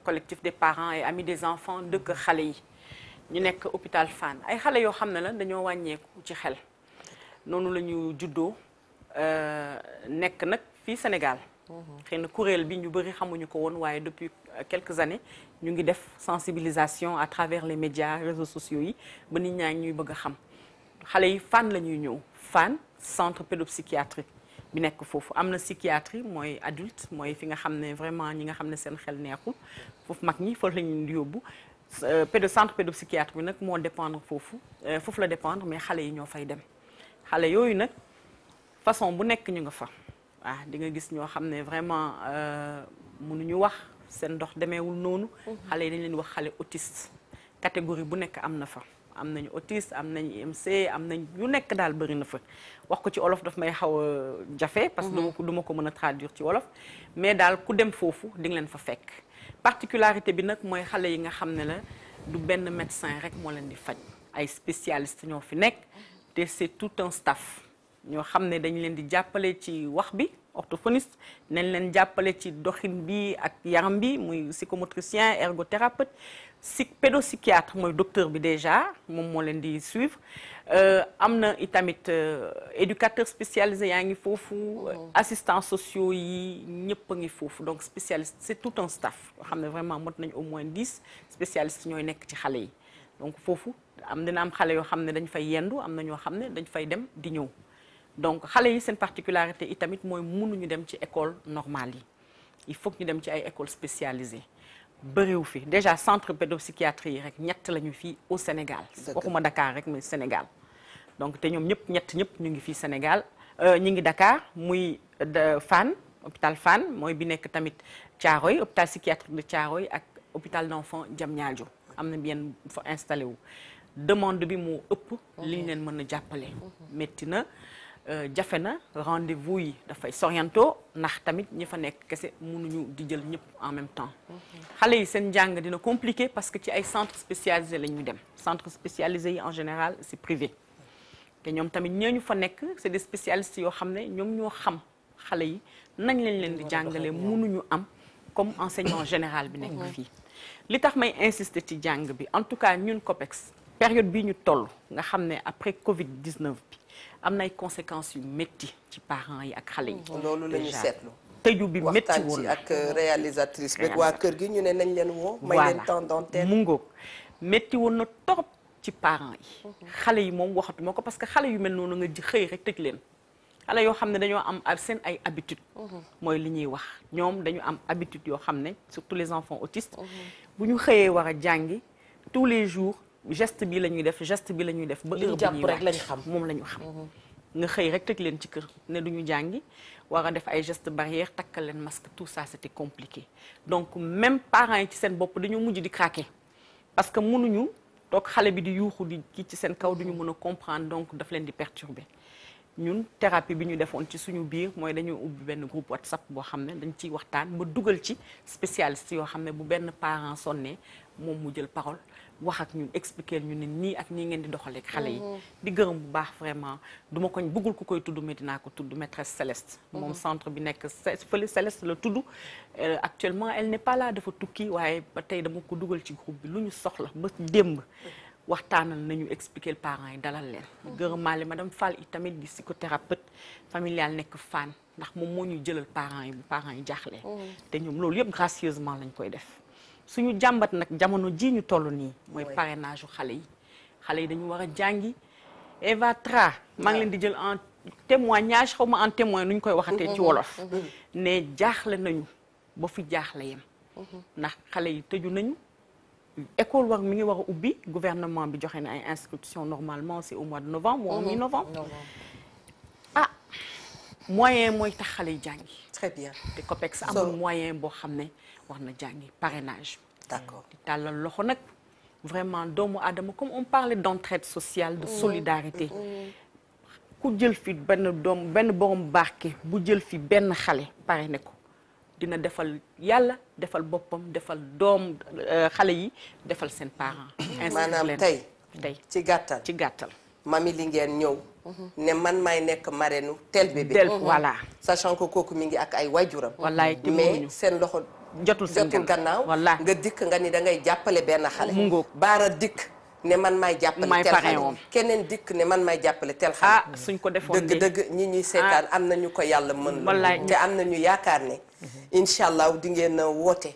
collectif de parents et amis des enfants dëkk mhm. xale yi ñu nekk hôpital Fann ay xale yoo xam ne la dañoo wàññeeku ci xel noonu la ñu juddoo euh, nekk nag fii Sénégal xëy na kuréel bi ñu bëri xamuñu ko woon waaye depuis euh, quelques années ñu ngi def sensibilisation à travers les médias réseaux sociaux yi ba nit ñaa ngi ñuy bëgg xam xale yi fan la ñuy ñëw fan centre pédopsychiatrique bi nekk foofu am na psychiatrie mooy adulte mooy fi nga xam ne vraiment ñi nga xam ne seen xel neexul foofu mag ñi foofu la ñuy yóbbu euh, pédo centre pédopsychiatrique bi nag moo dépendre foofu euh, foofu la dépendre mais xale yi ñoo fay dem xale yooyu nag bu nekk nga fa ah di nga gis ñoo xam ne vraiment euh, mënuñu wax seen ndox demeewul noonu. Mhm. xale yi dañ leen wax xale autiste. catégorie bu nekk am na fa am nañu autiste am nañu IMC am nañ yu nekk daal bëri na fa wax ko ci olof dafa may xaw a jafe. parce que duma mhm. ko duma ko mën a traduire ci wolof. mais daal ku dem foofu di leen fa fekk particularité bi nag mooy xale yi nga xam ne la du benn médecin rek moo leen di faj ay spécialiste ñoo fi nekk mhm. te c'est tout un staff. ñoo xam ne dañ leen di jàppale ci wax bi orthophoniste nañ leen jàppale ci doxin bi ak yaram bi muy psychomotricien ergothérapeute psy pédopsychiatre mooy docteur bi déjà moom moo leen di suivre euh, am na itamit euh, éducateur spécialisé yaa ngi foofu oh. assistants sociaux yi ñëpp a ngi foofu donc spécialiste c'est tout un staff yoo xam ne vraiment mot nañu au moins dix spécialistes ñooy nekk ci xale yi donc foofu am dina am xale yoo xam ne dañ fay yendu am na ñoo xam ne dañ fay dem di ñëw donc xale yi seen particularité yi tamit mooy mënuñu dem ci école normale yi il faut ñu dem ci ay école spécialisée bëriwu fi déjà centre pédopsychiatrie yi rek ñett lañu fii au Sénégal waxuma Dakar rek mais Sénégal donc te ñoom ñëpp ñett ñëpp ñu ngi fii Sénégal euh, ñu ngi Dakar muy Fann hôpital Fann mooy bi nekk tamit Thiaroye hôpital psychiatrique de Thiaroye ak hôpital jam Diamniadio am na bien fo installé wu demande bi moo ëpp mhm. li leen mën mhm. na jàppale métti Euh, jafe na rendez-vous yi dafay sorianto ndax tamit ñi fa nekk kese mënuñu di jël ñëpp en même temps xale yi seen njàng dina compliqué parce que ci ay centre spécialisé la ñuy dem centre spécialisé yi en général c'est privé te ñoom tamit ñu fa nekk c'est de spécialistes yoo xam ne ñoom ñoo xam xale yi nañ lañ leen di jàngale mënuñu am comme en enseignement général bi nekk fii li tax may insister ci jàng bi en tout cas ñun COPEX période bi ñu toll nga xam ne après Covid 19 bi am nay conséquences yu métti ci parents yi ak xale yi. Oh, loolu la ñu seetlu tëju bi métti woon ak euh, réalisatrice bi waa kër gi ñu ne nañ leen woo. may leen temps d'antenne mu ngoog métti woon na torop ci parents yi. Mhm. xale yi moom waxatuma ko parce que xale yu mel noonu nga ji xëy rek tëj leen. xale yoo xam ne dañoo am seen ay habitude mhm. mooy li ñuy wax ñoom dañu am habitude yoo xam ne surtout les enfants autistes. Mhm. bu ñu xëyee war a jàngi tous les jours. geste bi la ñuy def geste bi la ñuy def. ba heure bu ñuy rek lañ xam moom la ñu xam. Mhm. nga xëy rek teg leen ci kër ne duñu jàngi war a def ay gestes barrières takkal leen masque tout ça c'était compliqué donc même parents yi ci seen bopp dañoo mujj di craquer parce que mënuñu toog xale bi di yuuxu di kii ci seen kaw duñu mhm. mën a comprendre donc daf leen di perturber ñun thérapie bi ñu defoon ci suñu biir mooy dañoo ubbi benn groupe WhatsApp boo xam ne dañ ciy waxtaan ba dugal ci spécialiste yoo xam ne bu benn parent sonnee moom mu jël parole. wax ak ñu expliquer ñu ne nii ak nii ngeen di doxalee xale yi. Mhm. di gërëm bu baax vraiment duma ma ko bëggul ku koy tudd mais dinaa ko tudd maîtresse Céleste. Mhm. moom centre bi nekk fële Céleste la tudd. Euh, actuellement elle n'est pas là dafa tukki waaye ba tey dama ko dugal ci groupe bi lu ñu soxla ba démb. Mhm. waxtaanal nañu expliquer parents yi dalal leen. gërëmaale madame Fall itamit di psychothérapeute familiale nekk fan ndax moom moo ñuy jëlal parents yi bu parents yi jaaxlee. te ñoom loolu yëpp gracieusement lañ koy def. suñu jàmbat nag jamono jii ñu toll nii mooy parrainage u xale yi xale yi dañu war a jàngi Eva Tra maa ngi leen di jël en témoignage xaw ma en témoin nu ñu koy waxatee ci mm-hmm. wolof mm-hmm. ne jaaxle nañu ba fi jaaxle yam mm-hmm. ndax xale yi tëju nañu école war mi ngi war a ubbi gouvernement bi joxe na ay inscription normalement c'est au mois de novembre ou mi ah moyen mooy tax xale yi jàngi très bien te COPEX amul moyen boo xam ne war na jàngi parrainage. d'accord di tàllal loxo nag vraiment doomu aadama comme on parlait d'entraide sociale. de mm-hmm. solidarité. Mm-hmm. ku jël fi benn doom benn borom barke bu jël fi benn xale ne ko dina defal yàlla defal boppam defal doom euh, xale yi defal seen parents. maanaam tey tey ci gàttal ci gàttal. mami li ngeen ñëw. Mm-hmm. ne man may nekk marraine tel bi tel voilà. sachant que kooku mi ngi ak ay waajuram. wallaay mais seen loxo jotul seen jotul gannaaw nga dikk nga ni da ngay jàppale benn xale mu ngoog baara dikk ne man may jàppale tel xale keneen dikk ne man may jàppale tel xale ah, suñ ko defoon dëgg dëgg ñi ñuy ah. seetaan am ñu ko yàlla mën la te am na ñu yaakaar ne incha allah di ngeen woote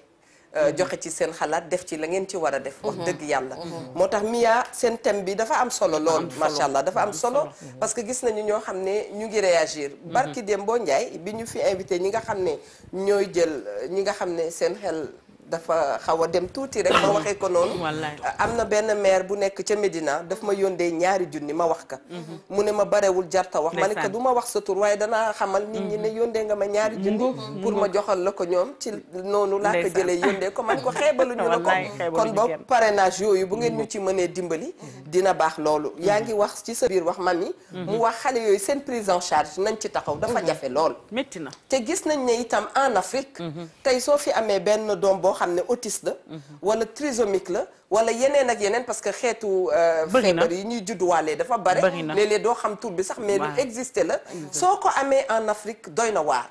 Euh, joxe ci seen xalaat def ci la ngeen ci war a def wax mhm. dëgg yàlla mhm. Mhm. moo tax Mia seen thème bi dafa am solo lool macha allah dafa am solo parce que gis nañu ñoo xam ne ñu ngi réagir barki Dembo Ndiaye bi ñu fi invité ñi nga xam ne ñooy jël ñi nga xam ne seen xel dafa xaw a dem tuuti rek ma waxee ko noonu am na benn maire bu nekk ca Médina daf ma yóndee ñaari junni ma wax ka mm-hmm. mu ne ma barewul jarta wax ma ko du ma wax sa tur waaye danaa xamal nit ñi ne mm-hmm. yóndee nga ma ñaari junni pour ma joxal la ko ñoom ci noonu laa ko jëlee yóndee ko man ko xeebaluñu la ko kon ba parrainage yooyu bu ngeen ñu mm-hmm. ci mënee dimbali dina baax loolu yaa ngi wax ci sa biir wax mami mu wax xale yooyu seen prise en charge nañ ci taxaw dafa jafe lool métti na te gis nañ ne itam en Afrique tey soo benn doom boo xam ne autiste la. wala trisomique la wala yeneen ak yeneen parce que xeetu. Euh, feebar yi ñuy judduwaale dafa bare. bëri na léeg-léeg doo xam tur bi sax mais lu existé la. soo ko amee en Afrique doy na waar.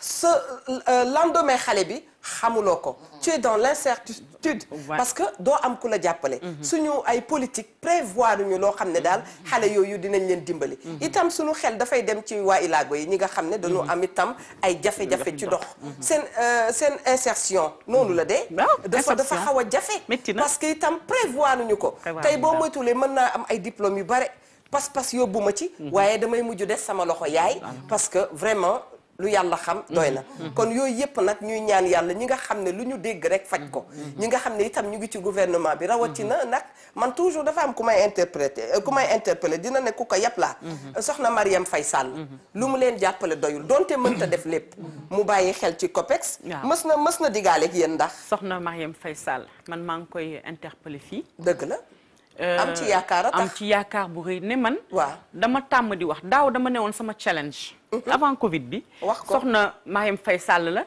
sa euh, lendemain xale bi. xamuloo ko tu es dans l'incertitude parce que doo am ku la jàppale mhm. suñu ay politique prévoir ñu loo xam ne mhm. daal xale yooyu dinañ leen dimbali mhm. itam suñu xel dafay dem ci waa ilaago yi ñi nga xam ne dañu am itam ay jafe-jafe ci dox seen euh, seen insertion noonu la dee dafa dafa xaw a jafe parce que itam prévoir ñu ko tey boo moytuwulee mën naa am ay diplôme yu bare pas-pas yóbbu ma ci waaye damay mujj des sama loxo yaay parce que vraiment lu yàlla xam mm-hmm. doy na mm-hmm. kon yooyu yëpp nag ñuy ñaan yàlla ñi nga xam ne lu ñu dégg rek faj ko mm-hmm. ñi nga xam ne itam ñu ngi ci gouvernement bi rawatina nag man toujours dafa am ku may interprété euh, ku may interpellé dina ne ku ko yàpp laa soxna Mariam Faye Sall lu mu leen jàppale doyul donte mënta def lépp mu bàyyi xel ci COPEX mës na mës na digaaleeg yéen ndax soxna Mariam Faye Sall man maa ngi koy interpellé fii dëgg la euh, ci yaakaar am ci yaakaar bu rëy ne man waaw dama tàmm di wax daaw dama newoon sama challenge Mhm. avant Covid bi. wax ko soxna Marième fay Sall la.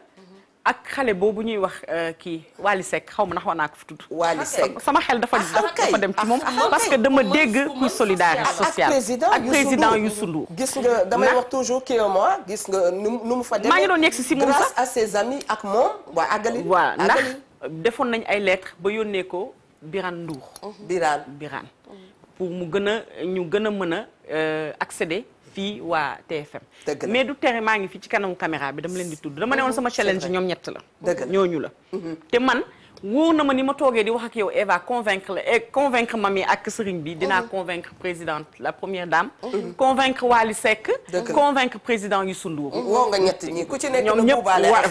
ak xale boobu ñuy wax euh, kii Wally Seck xaw ma ndax war naa ko sama xel dafa ah, ah, dafa dem ci moom. Ah, parce que dama dégg kuy solidarité sociale ak président Youssou Ndour. gis nga damay wax toujours kii gis nga nu fa demee. maa ngi doon yegg si si moom sax grâce à ses amis ak waa àggali ndax defoon nañ ay lettres ba yónnee ko Birane Ndour. Birane Birane. pour mu gën a ñu gën a mën a euh, accéder. fii waa TFM mais du tere maa ngi fii ci kanamu caméra bi dama leen di tudd dama ne woon mhm. sama challenge ñoom ñett la ñooñu la mhm. te man wóor na ma ni ma toogee di wax ak yow Eva convaincre la eh, convaincre mami ak sëriñ bi dinaa mhm. convaincre présidente la première dame mhm. convaincre Wally Seck convaincre président Youssou Ndour mhm. woo nga ñett ñi ku ci nekk ñoom ñëpp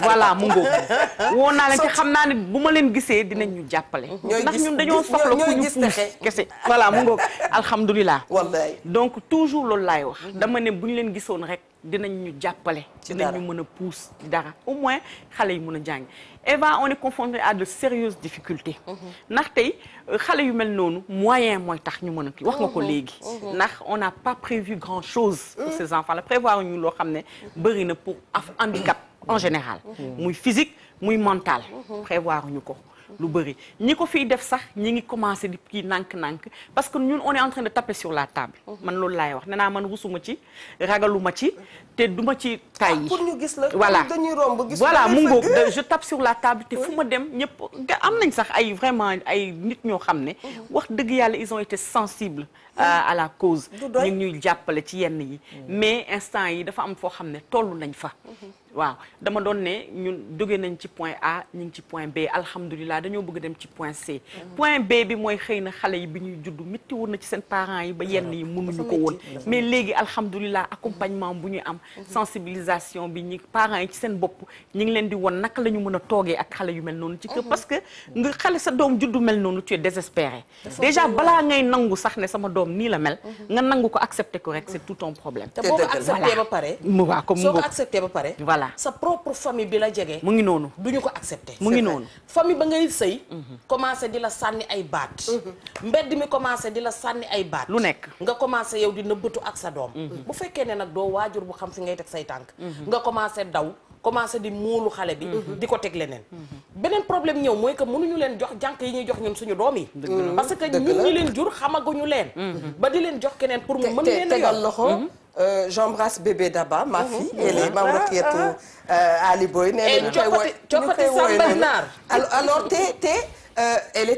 voilà mu ngoo woo naa leen te xam naa ne bu ma leen gisee dinañ ñu jàppale ndax ñu dañoo soxla ku ñu puus kese voilà mu ngoo alhamdulilah wallaay donc toujours loolu laay wax dama ne bu ñu leen gisoon rek dinañ ñu jàppale. dinañ ñu mën a pousse dara au moins xale yi mën a jàng. Eva on est confronté à de sérieuses difficultés. Mhm. ndax tey xale yu mel noonu moyen mooy tax ñu mën a kii wax nga ko mhm. léegi. Mhm. ndax on n'a pas prévu grand chose. pour ces enfants là prévoir ñu loo xam ne bëri na pour handicap en général. muy physique muy mental. prévoir ñu ko. lu bëri ñi ko fi def sax ñi ngi commencé di kii nank nànk parce que ñun on est en de taper sur la table mhm. man loolu laay wax nee naa man rusuma ci ragaluma ci te duma ci tàyyi yi ah, ñu gis la voilà dañuy romb gis voilà mu ngoog je tape sur la table te fu ma dem ñëpp am nañ sax ay vraiment ay nit ñoo xam ne mhm. wax dëgg yàlla ils ont été sensibles mhm. euh, à la cause ñu ñuy jàppale ci yenn yi mais instant yi dafa am foo xam ne tollu nañ fa waaw dama doon ne ñun jóge nañ ci point A ñu ngi ci point B alhamdulilah dañoo bëgg dem ci point C. Mm-hmm. point B bi mooy xëy na xale yi bi ñuy juddu métti woon na ci seen parents yi ba yenn yi mm-hmm. mënuñu ko woon. mais léegi alhamdulilah accompagnement bu ñu am. Mm-hmm. sensibilisation bi ñi parents yi ci seen bopp ñu ngi leen di won naka la ñu mën a toogee ak xale yu mel noonu. ci kër parce que nga xale sa doom juddu mel noonu tu es désespéré. déjà balaa ngay nangu sax ne sama doom nii la mel. nga nangu ko accepté ko rek c'est tout ton problème. te boo ko accepté ba voilà sa propre famille bi la jege. mu ngi noonu du ñu ko accepté. mu ngi noonu famille ba ngay sëy. Mhm. commencé di la sànni ay baat. Mhm. mbedd mi commencé di la sànni ay baat. lu nekk nga commencé yow di nëbbatu ak sa doom. Mhm. bu fekkee ne nag doo waajur bu xam si ngay teg say tànk. nga commencé daw. commencé di muulu xale bi di ko teg leneen beneen problème ñëw mooy que mënuñu leen jox jànk yi ñuy jox ñun suñu doom yi parce que ñun ñi leen jur xamaguñu leen ba di leen Euh, j'embrasse bébé Daba ma mhm. fille. elle est ah, ah, membre xeetu ah. euh, Ali Boy. na ñu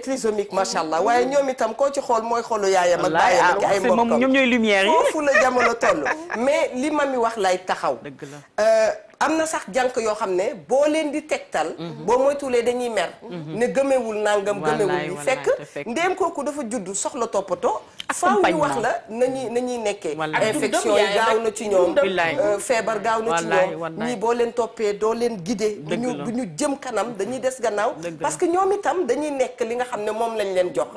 koy woy macha allah waaye ñoom itam koo ci xool mooy xoolu yaayam ak ay mbokkam ñoom ñooy lumière yi foofu la jamono toll. mais li ma mi wax lay taxaw. dëgg la euh, am na sax jànk yoo xam ne boo leen di tegtal. Mhm. boo moytuwulee dañuy mer. Mhm. ne gëmewul nangam gëmewul li fekk. ndéem kooku dafa judd soxla toppatoo. faaw ñu wax la na nañuy nekkee infection yi gaaw na ci ñoom euh, feebar gaaw na ci ñoom boo leen toppee doo leen guidé duñu du ñu jëm kanam dañuy des gannaaw parce que ñoom itam dañuy nekk li nga xam ne moom lañ leen jox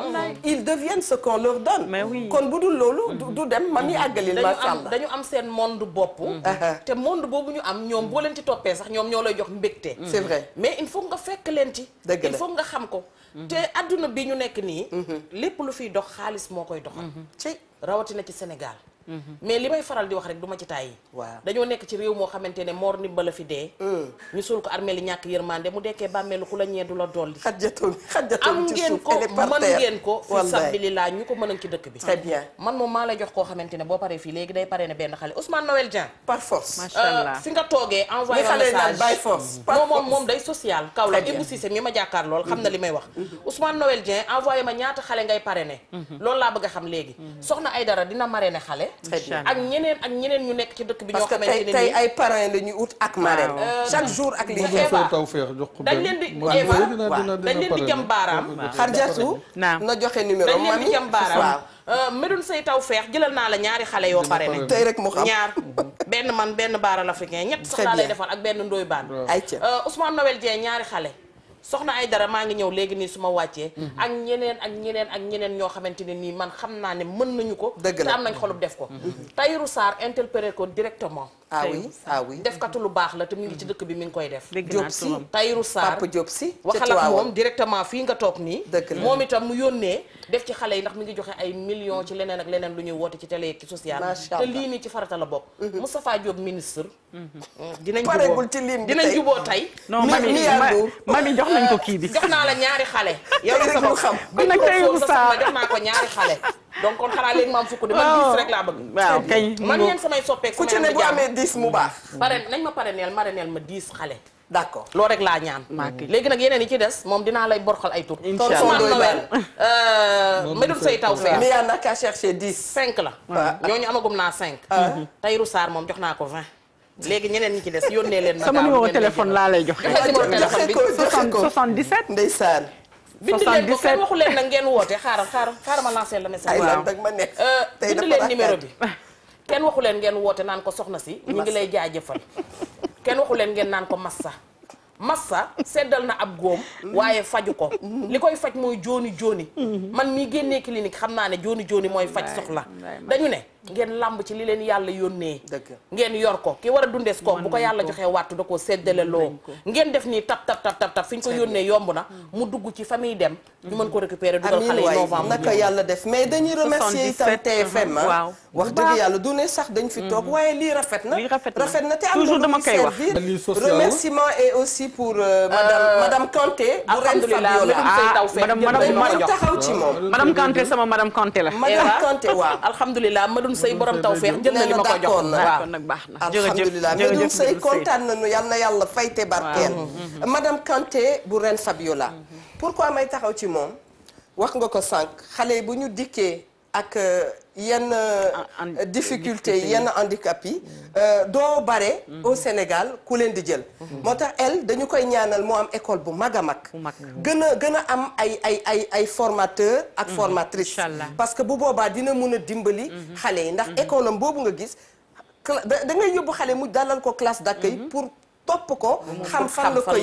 ils deviennent ce qu'on leur donne kon bu dul loolu du mm-hmm. dem man yi àggalil macha allah dañu am seen monde bopp mm-hmm. te monde boobu ñu am ñoom boo leen ci toppee sax ñoom ñoo lay jox mbégte c'est vrai mais il faut nga fekk leen ci il faut nga xam ko te adduna bi ñu nekk nii. Mhm. lépp lu fiy dox xaalis moo koy doxal. Mhm. ci rawatina ci Sénégal. mais li may faral di wax rek du ma ci tàyyi waaw dañoo nekk ci réew moo xamante ne moor ni bala fi dee mm. ñu suul ko armée li ñàkk yërmande mu dekkee bàmmeelu ku la ñee du la dolli xajjatoon xajjatoon am ngeen ko mën ngeen ko fi sabilillah ñu ko mën a ci dëkk bi très bien man moom maa lay jox koo xamante ne boo paree fii léegi day paree ne benn xale Ousmane Noël Dieng par force euh, fi nga toogee envoyé message by force moom moom day social kaw la Ibou Cissé ma jàkkaar lool na li may wax mm-hmm. Mm-hmm. Ousmane Noël Dieng envoyé ma ñaata xale ngay parrainé mm-hmm. loolu laa bëgg a xam léegi soxna ay dara dina ne xale très bien ak ñeneen ak ñeneen ñu nekk ci dëkk bi. ñoo xamante ne nii parce que tey ay parrain la ñu ut ak marraine. Euh, chaque jour ak li ñu fa taw feex jox ko dañ leen di Eva dañ leen di jëm baaraam. xarjatu na joxe numéro mami dañ leen di jëm baaraam. Euh, Médoune jëlal naa la ñaari xale yoo pare ne tey rek mu xam ñaar benn man benn baara la fi ñett sax laa lay defal ak benn ndooy baan euh, Ousmane Noël jee ñaari xale soxna ay dara maa ngi ñëw léegi nii su ma wàccee ak ñeneen ak ñeneen ak ñeneen ñoo xamante ne nii man xam naa ne mën nañu ko te am nañ xolub def ko mm-hmm. Tahirou Sarr interpellé ko directement Ah, ah oui ah lu baax la te mu ngi ci mm-hmm. dëkk bi mi ngi koy def. Diop si Tayru Sarr Papa Diop si. waxal ak moom directement fii nga toog nii. dëgg la moom itam mu yónnee. def ci xale yi ndax mi ngi joxe ay million ci leneen ak leneen lu ñuy woote ci télé yeeg ci social. te lii nii ci farata la bokk. Mm-hmm. Moustapha Diop ministre. Mm-hmm. Mm, dinañ juboo pareegul ci lim bi dinañ juboo tey. non mami mami jox nañ ko kii bi. jox naa la ñaari xale. yow rek mu xam bi nag Tayru Sarr jox naa ko ñaari xale. man gis samay soppeeku ku ci bu dix mu baax. Mm. pare nañ ma pareneel mareneel ma dix xale. d'accord loolu rek laa ñaan. Mm. léegi nag yeneen yi ci des moom dinaa lay borxal ay tur. incha allah doy baal Médoune Seye Tawfekh. mais yàlla naka cherché dix. cinq la. Ah. Ah. ñooñu amagum naa cinq. Ah. Mm-hmm. Tayru Sarr moom jox naa ko vingt. léegi ñeneen ñi ci des yónnee leen. ma a numéro téléphone laa lay joxe. joxe ko joxe ko 77. ndeysaan. 77 bind leen ko kenn waxu nag ngeen woote xaaral xaaral xaaral ma lancer le message. waaw euh, bind leen numéro bi. kenn waxu leen ngeen woote naan ko soxna si ñu ngi lay jaajëfal kenn waxu leen ngeen naan ko massa massa seddal na ab góom waaye faju ko mhm. li koy faj mooy jooni jooni mhm. man mii génnee clinique xam naa ne jooni jooni mooy faj soxla dañu ne ngeen làmb ci li leen yàlla yónnee ngeen yor ko ki war a dundees ko bu ko yàlla joxee wàttu da koo séddale loo ngeen def nii tap tap tap tap fi ñu ko yónnee yomb na mm. mu dugg ci famille dem ñu mën ko récupérer dugal xale yi novembre naka yàlla def mais dañuy remercier itam TFM ah. waaw wax dëgg sax dañ fi toog mm. waaye lii rafet na te am toujours dama koy wax remerciement et aussi pour euh, euh, madame Kanté bu ren Fabiola madame ah, taxaw madame Kanté sama madame Kanté la madame sëy borom tawfeex jël na li ma ko jox waaw nag baax na alhamdulilah mbirum sëy kontaan nañu yal na yàlla fay te barkeel mm-hmm. Mm-hmm. madame kante bu Reine Fabiola mm-hmm. pourquoi may taxaw ci moom wax nga ko sànq xale bu ñu dikkee ak euh, yenn ah, euh, difficulté yenn handicap yi mm. euh, doo bare mm-hmm. au Sénégal ku leen di jël mm-hmm. moo tax elle dañu koy ñaanal moo am école bu mag a mag mm-hmm. gën a gën a am ay ay ay ay formateur ak formatrice parce que bu boobaa dina mun a dimbali xale yi ndax école am boobu nga gis da ngay yóbbu xale mu dalal ko classe d'accueil pour topp ko xam fan la koy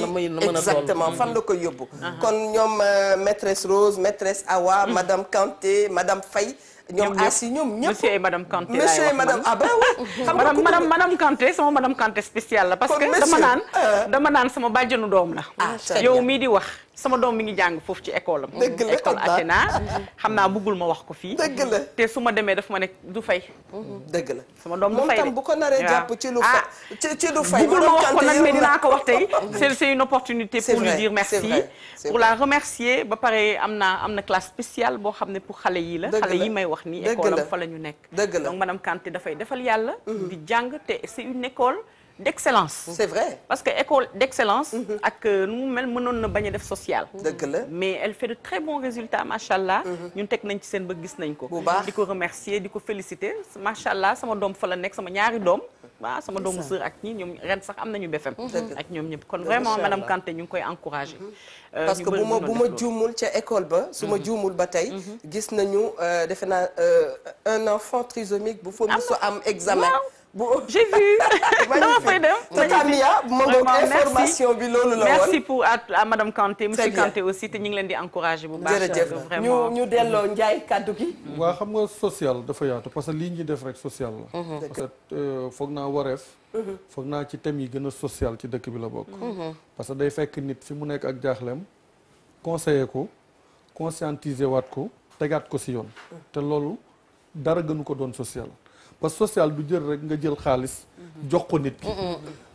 exactement fan la koy yóbbu mm-hmm. uh-huh. kon ñoom euh, maîtresse Rose maîtresse Awa mm-hmm. madame Kanté madame Faye ñoom assi ñoom ñëpp monsieur et madame Kanté monsieur et madame ah ben oui xam nga sama madame Kanté spéciale la parce que dama naan euh. dama naan sama bàjjenu doom la ah, yow mii di wax sama doom mi ngi jàng foofu ci école am. dëgg la école Athéna xam naa bëggul ma wax ko fii. dëgg la te su ma demee daf ma nekk du fay. dëgg la sama doom moom bu ko naree jàpp ci lu fa ah. ci ci lu fay. bëggul ma wax ko nag mais dinaa ko wax tey. c'est une opportunité pour lui dire merci. pour la remercier ba pare am na am na classe spéciale boo xam ne pour xale yi la. xale yi may wax nii école am fa la ñu nekk. dëgg la donc madame Kanté dafay defal yàlla. Mm-hmm. di jàng te c'est une école. d'excellence. c'est vrai parce que école d'excellence. ak euh, nu mu mel mënoon na bañ a def social. dëgg la mais elle fait de très bons résultats macha allah. ñun teg nañ ci seen ba gis nañ ko. bu baax di ko remercier di ko féliciter macha allah sama doom fa la nekk sama ñaari doom. waaw sama doomu sœur ak ñi ñoom ren sax am nañu BFM. ak ñoom ñëpp kon vraiment madame Kanté ñu ngi koy encourager. Mhm. Euh, parce que bu ma bu ma juumul ca école ba. su ma mhm. juumul ba tey. Mhm. gis nañu euh, defe naa un enfant trisomique bu fa musu am examen. j'ai vu. dama fay dem. Ah, information bi loolu la woon merci pour à, à madame Kanté aussi te ñu ngi leen di encourager bu baax. jërëjëf ñu ñu delloo Ndiaye kaddu gi. waa xam nga social dafa yaatu parce que lii ñuy def rek social la. Mhm. parce que euh, foog naa wareef. Mhm. foog naa ci thème yi gën a sociale ci dëkk bi la bokk. Mhm. parce que day fekk nit fi mu nekk ak jaaxleem conseiller ko conscientiser waat ko tegaat ko si yoon. te loolu dara gënu ko doon social. parce que social du jël rek nga jël xaalis jox ko nit ki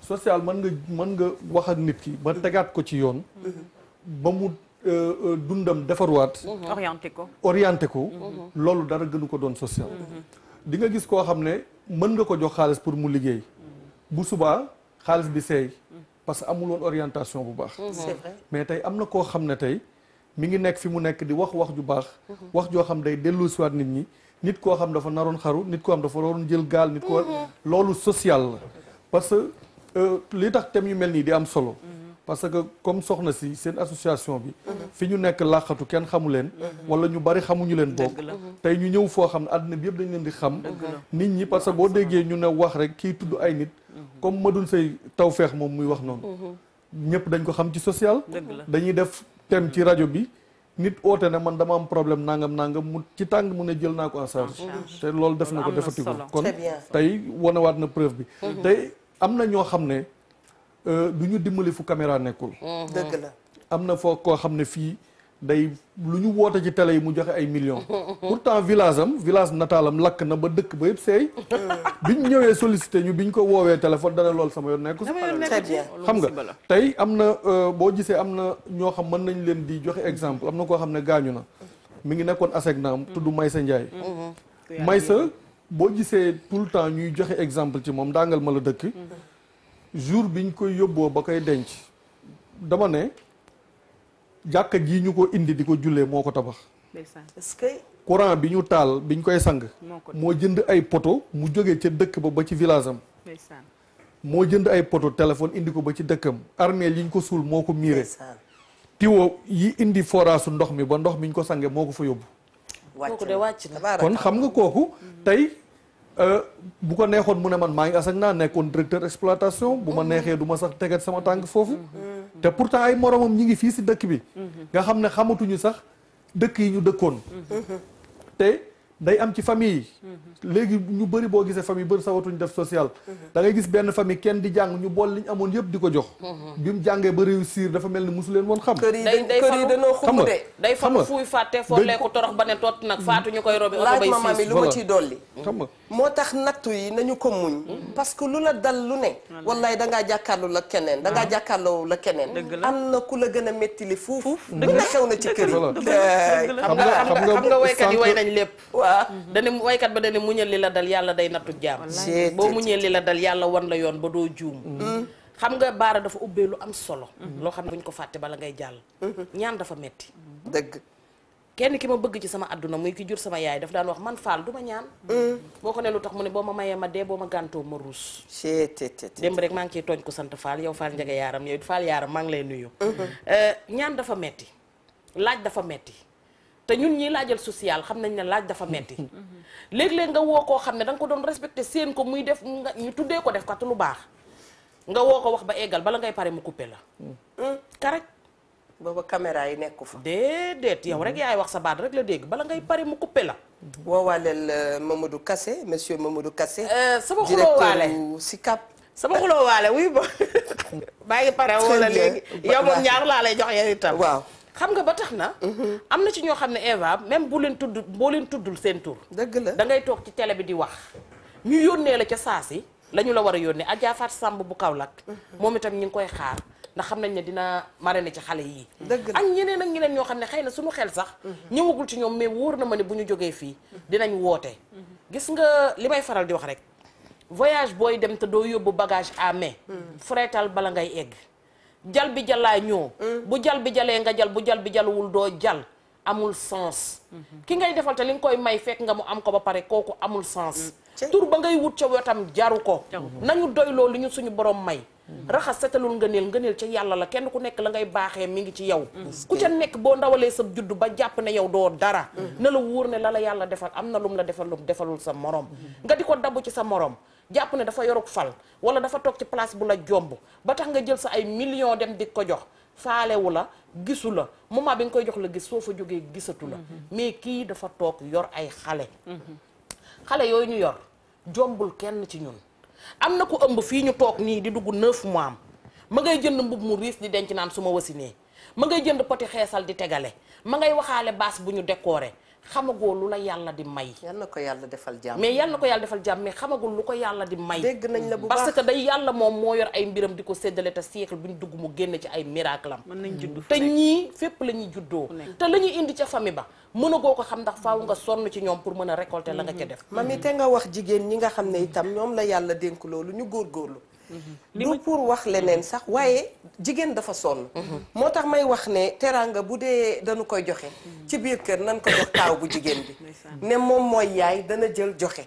sociale mën nga mën nga waxat nit ki ba tegaat ko ci yoon mm-hmm. ba mu euh, euh, dundam defaruwaat mm-hmm. orienté ko orienté ko mm-hmm. loolu dara gënu ko doon social di nga gis koo xam ne mën nga ko jox xaalis pour mu liggéey bu subaa xaalis bi seey parce que amul woon orientation bu baax mais tey am na koo xam ne tey mi ngi nekk fi mu nekk di wax wax ju baax wax joo xam day dellusiwaat nit ñi nit koo xam dafa naroon xaru nit koo xam dafa waroon jël gaal nit koo mm-hmm. loolu social la parce que euh, li tax tem yu mel nii di am solo mm-hmm. parce que comme soxna si seen association bi mm-hmm. fi ñu nekk làqatu kenn xamu leen wala ñu bari xamuñu leen bokk tey ñu ñëw foo xam ne àddina bi yëpp dañ leen di xam nit ñi parce que boo déggee ñu ne wax rek kii tudd ay nit comme Madoune Seye Tawfekh moom muy wax noonu ñëpp dañ ko xam ci social dañuy def thème ci rajo bi nit oote ne man dama am problème nangam nangam mu ci tàng mu ne jël naa ko en charge te loolu def na ko defati kon tey wanewaat na preuve bi mhm. tey am na ñoo xam ne euh, du ñu dimbali fu caméra nekkul am na foo koo xam ne fii day lu ñu woote ci télé yi mu joxe ay millions pourtant village am village nataal am lakk na ba dëkk ba yëpp seey ñu ñëwee sollicité ñu bi ñu ko woowee téléphone dana lool sama yoon nekku xam nga tey am na euh, boo gisee am na ñoo xam mën nañ leen di joxe exemple am na koo xam ne gaañu na mi ngi nekkoon aseg naam tudd Maysa Ndiaye mm-hmm. Mm-hmm. Maysa boo gisee tout le temps ñuy joxe exemple ci moom daangal ma la dëkk mm-hmm. jour biñ koy yóbboo ba koy denc dama ne jàkka ji ñu ko indi di ko jullee moo ko tabax. est-ce que. courant bi ñu taal bi ñu koy sang. moo jënd ay poto mu jógee ca dëkk ba ba ci village am. moo jënd ay poto téléphone indi ko ba ci dëkkam armeel yi ñu ko suul moo ko miire. tiwo yi indi forage ndox mi ba ndox mi ñu ko sange moo ko fa yóbbu. kon xam nga kooku tey. Euh, bu ko neexoon mu ne man maa ngi asag naa nekkoon directeur exploitation bu ma mhm. neexee du ma sax tegat sama tànk foofu mhm. te pourtant ay moromam ñi ngi fii si dëkk bi mhm. nga xam ne xamatuñu sax dëkk yi ñu dëkkoon te day am ci famille yi mhm. léegi ñu bari boo gisee famille bëri sawatuñ def social mhm. da gis benn famille kenn di jàng ñu bool liñ amoon yëpp di ko jox mhm. bi mu jàngee ba réussir dafa mel ni mosu leen woon xam kër yi dañoo xumb de day fam fuuy fàtte fooleeku torox ba ne tot nag faatu ñu koy robi a ma maam yi lu ma ciy dolli xam nga moo tax nattu yi nañu ko muñ que lu la dal lu ne wallaay dangaa jàkkaarlu la keneen dangaa jàkkaarloo la keneen am na ku la gën a métti li fuuf lu ne na ci kër yi xam nga xam nga waykat yi way nañ lépp fois mm-hmm. dane waykat ba dane muñal li la dal yàlla day nattu jaam boo muñal li la dal yàlla wan la yoon ba doo juum mm-hmm. xam nga baara dafa ubbee lu am solo mm-hmm. loo xam ne buñ ko fàtte bala ngay jàll ñaan dafa metti dëgg kenn ki ma bëgg ci sama àdduna muy jur sama yaay daf daan wax man faal du ma ñaan boo ko ne lu tax mu ne boo ma mayee ma dee boo ma gàntoo ma ruus démb rek maa ngi ciy tooñ ko sant faal yow faal njaga yaaram yow faal yaaram maa ngi lay nuyu euh, ñaan dafa metti laaj dafa metti te ñun ñii laajal social xam nañ ne laaj dafa metti léeg-léeg nga woo koo xam ne da nga ko doon respecté seen ko muy def nga ñu tuddee ko def kat lu baax nga woo ko wax ba eggal bala ngay pare mu coupé la karaj booba caméra yi nekku fa déedéet yow rek yaay wax sa baat rek dégg bala ngay pare mu coupé la woowaaleel euh, Mamadou Kassé monsieur Mamadou Kassé euh, sama xuloowaale directeur SICAP sama xuloowaale wuy ba maa ngi pare wala léegi yow moom ñaar laa lay jox yéen itam waaw xam nga ba tax na. Mhm. am na ci ñoo xam ne Eva même bu leen tudd boo leen tuddul seen tur. dëgg la da ngay toog ci télé bi di wax. ñu yónnee la ca saa si lañu la war a yónnee Adja Fatou Samb bu lag mhm. moom itam ñu ngi koy xaar ndax xam nañ ne dina marraine ci xale yii. dëgg ak ñeneen ak ñeneen ñoo xam ne xëy na suñu xel sax. Mhm. ñëwagul ci ñoom mais wóor na ma ne bu ñu jógee fii dinañ woote. gis nga li may faral di wax rek voyage booy dem te doo yóbbu bagage à main. bala ngay egg. jal bi jalaa ñoo mm. bu jal bi jalee nga jal bu jal bi jaluwul doo jal amul sens mm-hmm. ki ngay defal te li nga koy may fekk nga mu am ko ba pare kooku amul sens mm. tur ba ngay wut ca wetam jaru ko nañu doy loolu ñu suñu borom may raxas setalul ngëneel ngëneel ca yàlla la kenn ku nekk la ngay baaxee mi ngi ci yow ku ca nekk boo ndawalee sa juddu ba jàpp ne yow doo dara na la wóor ne la la yàlla defal am na lum la defal lum defalul sa morom nga di ko dabu ci sa moroom jàpp ne dafa yoruk fal wala dafa toog ci place bu la jomb ba tax nga jël sa ay millions dem di ko jox faalewu la gisu la moment bi nga koy jox la gis fa jógee gisatu la mm-hmm. mais kii dafa toog yor ay xale mm-hmm. yooyu ñu yor jombul kenn ci ñun am na ku ëmb fii ñu toog nii di dugg neuf mois am ma ngay jënd mbub mu riis di denc naan su ma wasinee ma ngay jënd poti xeesal di tegale ma ngay waxaale baas bu ñu décoré xamagoo lu la yàlla di may. yal na ko yàlla defal jàmm mais yal na ko yàlla defal jàmm mais xamagul lu ko yàlla di may. dégg nañ la bu baax parce que day yàlla moom moo yor ay mbiram di ko séddale te siècle bi ñu dugg mu génn ci ay miracle am. mën nañ judd te ñii fépp la ñuy juddoo. te la ñuy indi ca famille ba mën a goo ko xam ndax faaw nga sonn ci ñoom pour mën a récolter la nga ca mhm. def. mami te nga wax jigéen ñi nga xam ne itam ñoom la yàlla dénk loolu ñu góorgóorlu Mm-hmm. du mm-hmm. pour wax leneen sax waaye jigéen dafa sonn mm-hmm. moo tax may wax ne teraanga bu dee danu koy joxe ci biir kër nan ko jox taaw bu jigéen bi ne moom mooy yaay dana jël joxe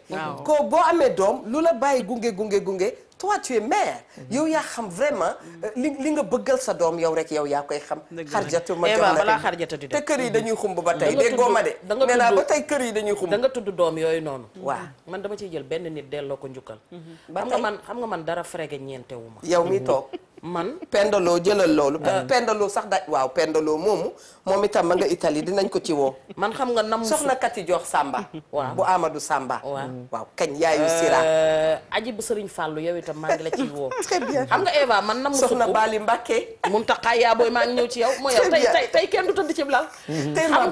ko boo amee doom lu la bàyyi gunge gunge gunge toi tu es mère. Mhm. yow yaa xam vraiment euh, li li nga bëggal sa doom yow rek yaw yaa koy xam. xarjatu ma eh jox te kër yi mhm. dañuy xumb ba tey déggoo ma de. da nga tudd ba tey kër yi dañuy xumb. da nga tudd doom yooyu noonu. waaw man dama ciy jël benn nit delloo ko njukkal. Mhm. ba xam nga man nga man dara frege ñeentewu ma. yow mi toog man pendaloo jëlal loolu ah. pendaloo sax daj waaw pendaloo moomu moom itam man nga Italie dinañ ko ci woo man xam nga nam soxna kati jox Samba waaw bu Amadou Samba waaw kañ yaayu euh, Sira aji bu Sëriñ Fàllu yow itam maa ngi la ci xam nga Eva man nam soxna Bali Mbàkke mun taxaay yaa booy maa ngi ci yow moo yow tey tey tey kenn du tëdd ci blal tey ma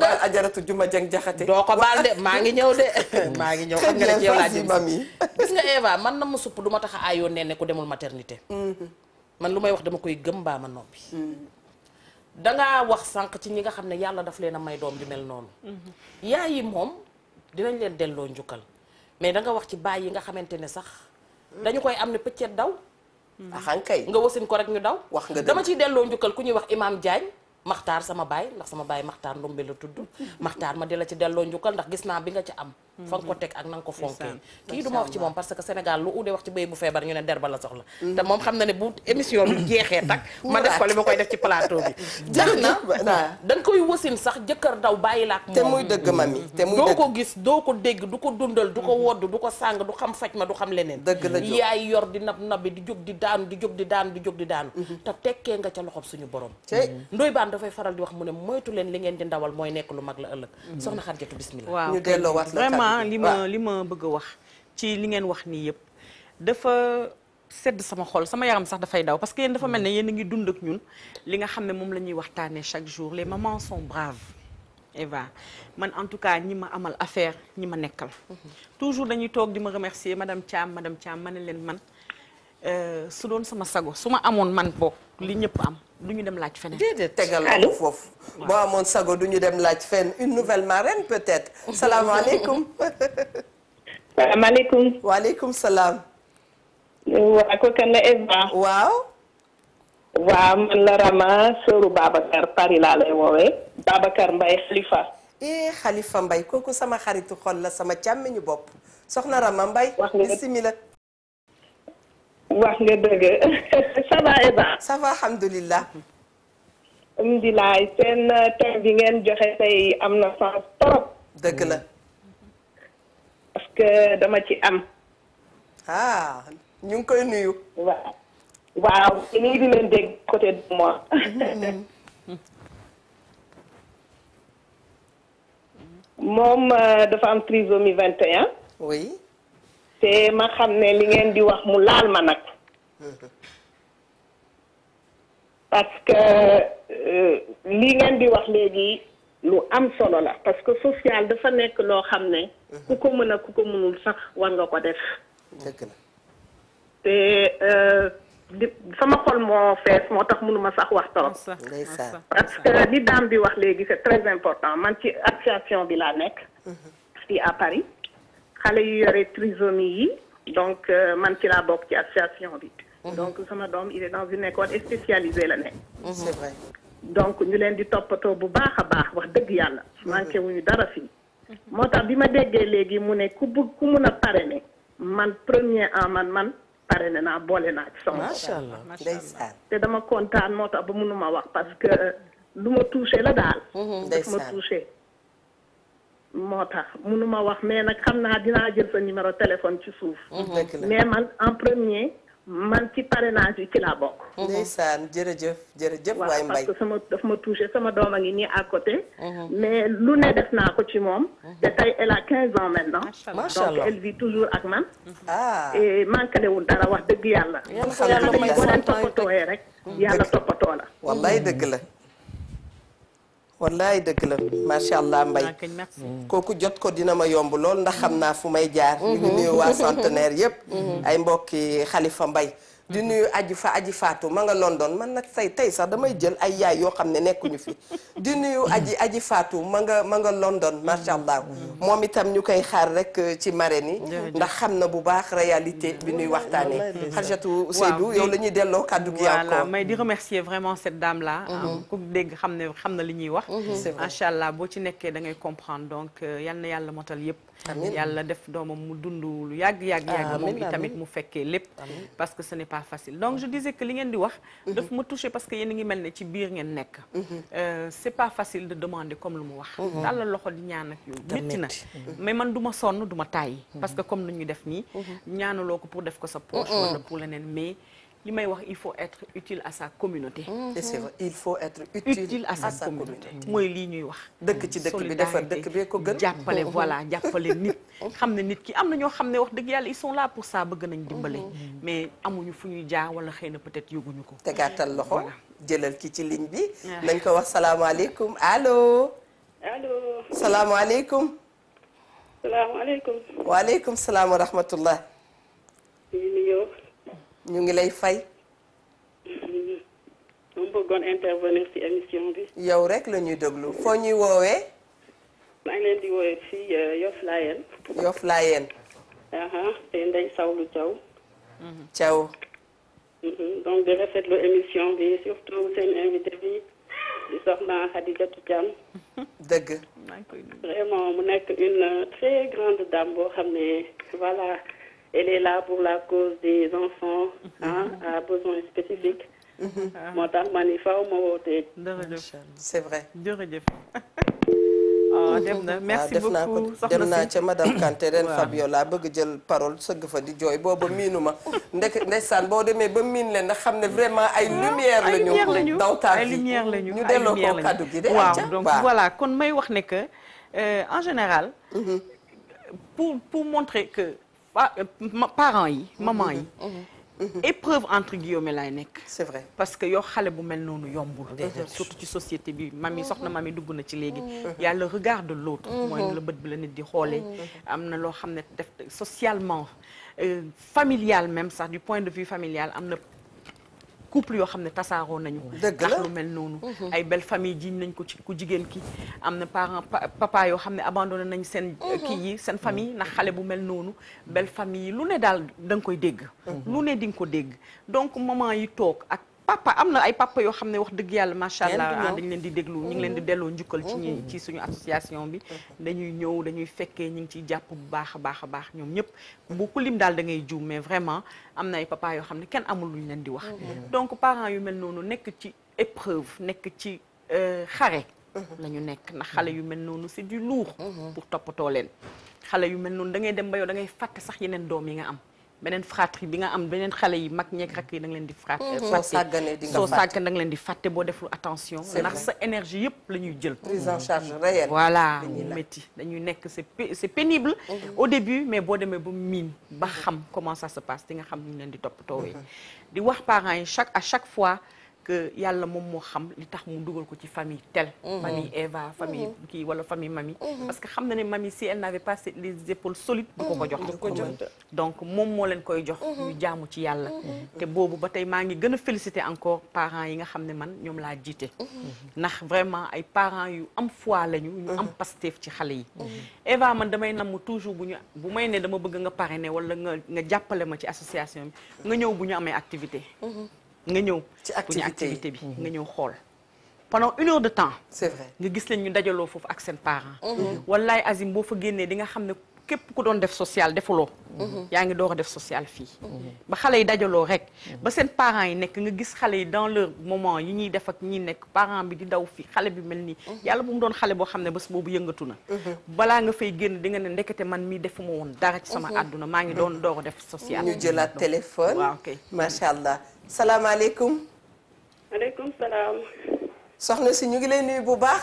maa ngi ñëw maa ngi ñëw xam nga la ci yow laa jëm supp du ma tax a aayoo nee ne ku demul maternité mm-hmm. man lu may wax dama koy gëm mbaa ma noppi. Mm. danga wax sànq ci ñi nga xam ne yàlla daf leen a may doom ju mel noonu. Mm-hmm. yaay yi moom dinañ leen delloo njukkal mais danga wax ci baay yi nga xamante ne sax. Mm. dañu koy am ne pëccet daw. Mm. axankay ah, nga wasin ko rek ñu daw. wax nga dama ciy delloo njukkal ku ñuy wax Imaam Diagne. maxtaar sama baay ndax sama baay maxtaar ndombe la tudd maxtaar ma della ci delloo njukkal ndax gis naa bi nga ci am fa nga ko teg ak na nga ko fonkee kii du ma wax ci moom parce que Sénégal lu ude wax ci béy bu feebar ñu ne derba la soxla mm. te moom xam na ne bu émission bi jeexee tak ma def ko li ma koy def ci plateau bi jax na da koy wasin sax jëkkër daw bàyyi laak te muy dëgg mami te doo ko gis doo ko dégg du ko dundal du ko mm-hmm. wodd du ko sàng du xam faj ma du xam leneen dëgg la yaay yor di nab nabi di di daanu di jóg di daanu di jóg di daanu mm-hmm. te tekkee nga ca loxob suñu borom mm-hmm. ndoy baan dafay faral di wax mu ne moytu leen li ngeen di ndawal mooy nekk lu mag la ëllëg soxna Xarjatu bismillah ah li ma li ma bëgg a wax ci li ngeen wax nii yëpp dafa sedd sama xol sama yaram sax dafay daw parce que yéen dafa mel ne yéen a ngi dund ak ñun li nga xam ne moom la ñuy waxtaanee chaque jour les mamans sont braves Eva man en tout cas ñi ma amal affaire ñi ma nekkal mhm. toujours dañuy toog di ma remercier madame Thiam madame Thiam ma ne leen man euh, su doon sama sago su ma amoon man boo li ñëpp am du ñu dem laaj feneen. déedéet tegal ko foofu. boo amoon sago du ñu dem laaj fenn une nouvelle marraine peut-être. salaamaaleykum. salaamaaleykum. salaam. waa ko kan waaw. man la Rama sëru Babacar Paris laa lay woowee. Babacar Mbaye Khalifa. eh Khalifa Mbaye kooku sama xaritu xol la sama càmmiñu bopp soxna Rama Mbaye. wax wax nga dëgg ça va Eva. ça va alhamdulilah. alhamdulilah seen euh, thème bi ngeen joxe tey am na sens trop. dëgg la. parce que dama ci am. ah ñu ngi koy nuyu. waaw waaw nii di leen dégg côté de moi. moom euh, dafa am trisomie 21. oui. te ma xam ne li ngeen di wax mu laal ma nag parce que euh, li ngeen di wax léegi lu am solo la parce que social dafa nekk loo xam ne ku ko mën a ku ko mënul sax war nga ko def te euh, sama xol moo fees moo tax mënuma sax wax trop parce que li daam bi wax léegi c'est très important man ci association bi laa nekk fii à Paris xale yu yore trisomie yi donc euh, man ci laa bokk ci association bi. Mhm. donc sama doom il est dans une école spécialisée la ne mhm. donc ñu leen di toppatoo bu baax a baax wax dëgg yàlla. Mhm. manqué wuñu dara fii. moo tax bi ma déggee léegi mu ne ku bëgg ku mun a pare ne man premier en man man ne naa boole naa ci sama. macha allah ndeysaan te dama kontaan moo tax ba mënuma wax parce que lu ma touché la daal. ndeysaan daf ma touché. moo tax ma wax mais nag xam naa dinaa jël sa numéro téléphone ci suuf. Mhm. mais man en premier. man ci parrainage yi ci laa bokk. Mhm. ndeysaan jërëjëf jërëjëf. waay mbay parce que sama daf ma touché sama doom a ngi nii à côté. Mhm. mais lu ne def naa ko ci moom. te tey elle ans maintenant. macha allah donc elle toujours ak man. ah et manqué wul dara wax dëgg yàlla. yàlla xam nga yàlla boo leen toppatooyee rek. yàlla toppatoo la. wallaay dëgg la. wallaay dëgg la macha allah mbay mm. kooku jot ko dina ma yomb lool ndax xam naa fu may jaar. ñu mm-hmm. waa centenaire yëpp. Mm-hmm. ay mbokki xalifa mbay. di nuyu aji fa aji faatu ma nga London man nag say tey sax damay jël ay yaay yoo xam ne nekkuñu fi di nuyu aji aji faatu ma nga ma nga London macha allah moom itam ñu koy xaar rek euh, ci marraine yi ndax xam na bu baax réalité bi nuy waxtaanee Xarjatu Seydou yow la ñuy delloo kàddu gi voilà may di remercier vraiment cette dame la mhm. euh, ku dégg xam ne xam na li ñuy wax mhm. macha allah boo ci nekkee da ngay comprendre donc euh, yal na yàlla motal yëpp yàlla def doomam mu dund lu yàgg yàgg yàgg moom itamit mu fekkee lépp parce que ce pas facile donc je disais que li ngeen di wax mhm. daf ma touché parce que yéen a ngi mel ne ci biir ngeen nekk mhm. euh, c'est pas facile de demander comme lu mu wax tàllal mhm. loxo di ñaan yooyu métti na mais man du sonn du tàyyi parce que comme nu ñu def nii ñaanaloo ko pour def ko sa poche wala pour leneen mais li may wax il faut être utile à sa communauté. Mm-hmm. c'est vrai il faut mooy lii ñuy wax. dëkk ci dëkk bi defar dëkk bi ko gën. jàppale mm-hmm. voilà jàppale nit. Mm-hmm. xam ne nit ki am na ñoo xam ne wax dëgg yàlla ils sont là pour ça bëgg nañ dimbale. mais amuñu fu ñuy jaar wala xëy na peut-être yóbbuñu ko. te gàttal loxo jëlal ki ci ligne bi. Ah. nañ ko wax salaamaaleykum allo. allo salaamaaleykum. salaamaaleykum. waaleykum salaam wa ñu ngi lay fay. ma bëggoon intervenir ci émission bi. yow rek la ñuy déglu foo ñuy woowee. maa ngi leen di woowee fii euh, Yoff Layeen. Yoff Layeen. Uh-huh. te Ndeye Sawlu Thiaw. Mm-hmm. Thiaw. Mm-hmm. donc di rafetlu émission bi surtout seen invité bi di soxna Khadijatou Thiam. dëgg. vraiment mu nekk une euh, très grande dame boo xam ne voilà. elle est la cause des enfants mhm. mhm. ah. moo tax ma ni faaw ma wootee. jërëjëf c'est vrai jërëjëf. waaw ah, dem na ah, merci beaucoup soxna si dem naa ca madame Kanté ren la bëgg jël parole sëgg fa di jooy booba miinu ma. nde ndeysaan boo demee ba miin leen ndax xam ne vraiment ay lumière lañu dawtaat ay lumière lañu ñu delloo ko kaddu gi de. waaw donc voilà kon may wax ne euh, en général. Mhm. pour montrer que. pa euh, parents yi mhm, maman yi. Mhm, mhm, épreuve entre guillemets lay nekk. c'est vrai parce que yow xale bu mel noonu yombul. surtout ci société bi mami soxna mami dugg na ci léegi. yàlla regard de l'autre. mooy la bët bi la nit di xoolee. am na loo xam ne def socialement euh, familial même sax du point de vue familial am na. couple yoo xam ne tasaaroo nañu ndax lu mel noonu mhm. ay belle famille jiñ nañ ko ci ku jigéen ki am na parent papa yoo xam ne abandonné nañ seen mhm. euh, kii yi seen famille ndax xale bu mel noonu belle famille lu ne daal da nga koy dégg mhm. lu ne di ko dégg donc moment yi toog ak papa am na ay papa yoo xam ne wax dëgg yàlla macha allah ah, dañ leen di déglu ñu leen di mm-hmm. delloo njukkal mm-hmm. ci suñu association bi mm-hmm. dañuy ñëw dañuy fekkee ñu ngi ciy jàpp bu baax a baax a baax ñoom ñëpp bu lim daal da ngay juum mais vraiment am na ay papa yoo xam ne kenn amul ñu leen di wax donc parent yu mel noonu nekk ci épreuve nekk ci euh, xare la ñu nekk ndax xale yu mel noonu c'est du lourd pour toppatoo leen xale yu mel noonu da ngay dem ba yow da ngay fàtte sax yeneen doom yi nga am beneen fratrie bi nga am beneen xale yi mag ñeeg rakk yi da leen di mhm. fàtte soo sàgganee di leen di fàtte boo deful attention ndax sa énergie yëpp la ñuy jël prise en charge réelle voilà mu métti dañuy nekk c'est c'est pénible mhm. au début mais boo demee ba miin ba mhm. xam comment ça se passe di nga xam ni ñu leen di toppatoowee di wax parents yi chaque à chaque fois que yàlla moom moo xam li tax mu dugal ko ci famille tel mhm. famille Eva famille mhm. kii wala famille mami mhm. parce que xam na ne mami si elle n'avait pas les épaules solides du ko ko jox donc moom moo leen koy jox ñu jaamu ci yàlla te boobu ba tey maa ngi gën a féliciter encore parent yi nga xam ne man ñoom laa jiite ndax vraiment ay parent yu am fois lañu ñu am Pastef ci xale yi Eva man damay namm toujours bu ñu bu may ne dama bëgg nga parrainer wala nga nga jàppale ma ci association bi nga ñëw bu ñu nga ñëw ci activité bi nga ñëw xool pendant une heure de temps c'est vrai nga gis leen ñu dajaloo foofu ak seen parents mhm. mhm. wallaay Azim boo fa génnee di nga xam ne képp ku doon def social defuloo mhm. yaa ngi door a def social fii ba xale yi dajaloo rek ba seen parents yi nekk nga gis xale yi dans leur moment yi ñuy def ak ñi nekk parent bi di daw fii xale bi mel nii yàlla bu mu doon xale boo xam ne bés boobu yëngatu na balaa nga fay génn di nga ne ndekete man mii defuma woon dara ci sama àdduna maa ngi doon door a def social ñu jëlaat téléphone waaw kay salaamaaleykum. maaleykum salaam. soxna si ñu ngi lay nuyu bu baax.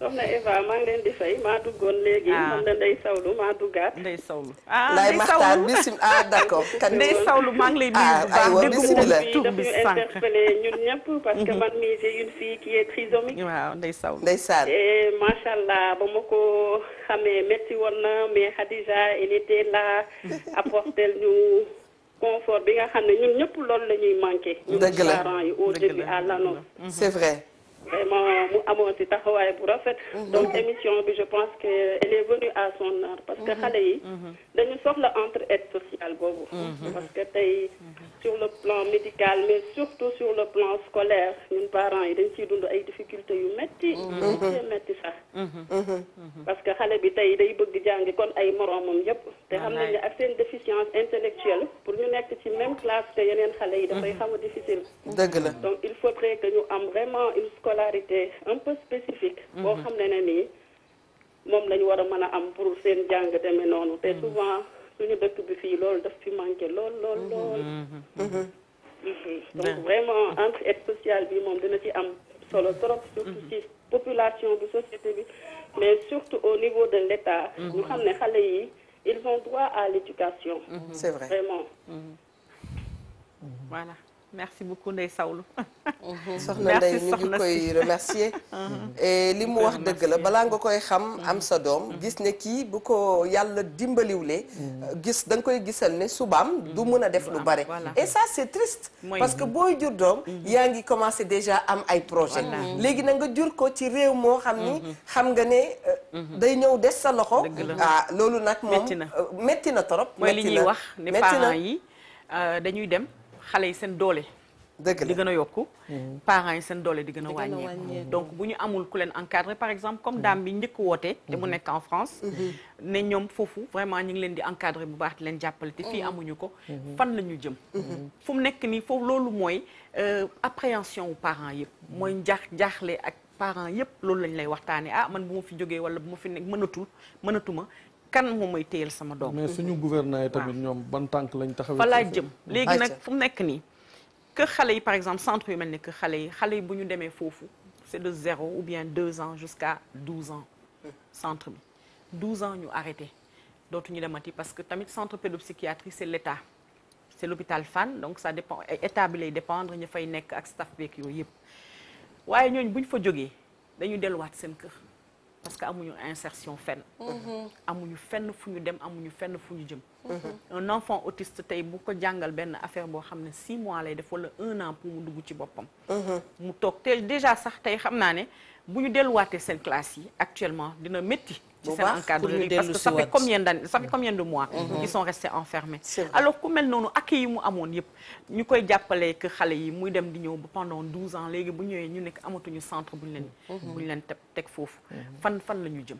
soxna Eva maa ngi leen di fay maa duggoon léegi. ah xam na Ndey Sawlu maa duggaat. Ndey Sawlu ah Ndey Sawlu Maxtaar bisimilah ah d'accord. kan Ndey Sawlu maa ngi lay nuyu ah, ñun ñëpp. parce que mhm. man mii c'est une fille qui est trisomique. waaw Ndey Sawlu ndeysaan. et macha allah ba ma ko xamee métti woon mais Khadija elle était là ñu. confort bi nga xam ne ñun ñëpp loolu la ñuy manqué. dëgg la ñun parents yi au début à l'annonce. Mm-hmm. c'est vrai. vraiment mu amoon ci taxawaay bu rafet. Mm-hmm. donc émission bi je pense que elle est venue à son heure. parce que mm-hmm. xale yi. dañu la entre aide sociale boobu. parce que tey sur le plan médical mais surtout sur le plan scolaire ñun parents yi dañ ciy dund ay difficultés yu metti mm-hmm. yu mm-hmm. metti sax mm-hmm. parce que xale bi tey day bëgg jàngi kon ay moroomam yépp te xam nañ ne ak seen déficience intellectuelle pour ñu nekk ci même classe te yeneen xale yi dafay xaw a difficile dëgg la donc il faudrait que ñu am vraiment une scolarité un peu spécifique boo xam ne ne nii moom lañu war a mën a am pour seen jàng deme noonu te souvent suñu dëkk bi fii loolu daf fi manqué lool lool mhm. lool. Mhm. Mhm. donc vraiment entraide sociale bi moom dina ci am solo trop. surtout ci population bi société bi mais surtout au niveau de l'État. ñu xam ne xale yi ils ont droit à l'éducation. c'est vraiment. voilà. merci beaucoup Ndeye Sawlu. Mhm. soxna Ndeye ñu ngi koy remercier. e li mu wax dëgg la balaa nga koy xam am sa doom. gis ne kii bu ko yàlla dimbaliwulee. gis da nga koy gisal ne subaam du mën a def lu bare. et ça c' est parce que booy jur doom. Mhm. yaa ngi commencé déjà am ay projet mhm. léegi na nga jur ko ci réew moo xam ni. xam nga ne euh, day ñëw des sa loxo. Ah, loolu nag moom metti na trop. Euh, metti na mooy li ñuy wax ne parents yi euh, dañuy dem. xale yi seen doole. dëgg la di gën a yokku. Mhm. parents yi seen doole di gën a wàññeeku. donc bu ñu amul ku leen encadré par exemple comme mhm. daam bi njëkk woote. te mu mhm. nekk en France. ne ñoom foofu vraiment ñu ngi leen di encadré bu baax di leen jàppale te fii amuñu ko. fan la ñu jëm. fu mu nekk nii foofu loolu mooy euh, appréhension wu parents yëpp. mooy njaax jaaxle ak parents yëpp loolu lañ lay waxtaanee ah man bu ma fi jógee wala bu ma fi nekk mënatul mënatuma kan moom mooy téyel sama doom. mais suñu gouverneur yi tamit ñoom ban tànk lañ taxawee. fa laa jëm léegi nag fu mu nekk nii. kër xale yi par exemple centre yu mel ni kër xale yi xale yi bu ñu demee foofu c'est de zéro ou bien deux ans jusqu'à douze ans. centre bi douze ans ñu arrêté dootuñu demati parce que tamit centre pédopsychiatrie c'est l'État c'est l'hôpital Fann donc ça dépend état bi lay dépendre ñu fay nekk ak staff beeg yooyu yëpp waaye ñooñu bu ñu fa jógee dañu delluwaat seen kër. parce que amuñu insertion fenn. Mhm. amuñu fenn fu ñu dem amuñu fenn fu ñu jëm. Mhm. un enfant autiste tey bu ko jàngal benn affaire boo xam ne six mois lay def wala un an pour mu dugg ci boppam. Mhm. mu toog te déjà sax tey xam naa ne bu ñu delluwaatee seen classe yi actuellement dina métti. ci seen encadrement parce que ça fait combien d'années ça fait combien de mois mm-hmm. ils sont restés enfermés alors ku mel noonu accueil mu amoon yëpp ñu koy jàppale que xale yi muy dem di ñëw ba pendant 12 ans léegi bu ñëwee ñu nekk amatuñu centre bu ñu leen mm-hmm. bu ñu leen teg foofu mm-hmm. fan fan la ñu jëm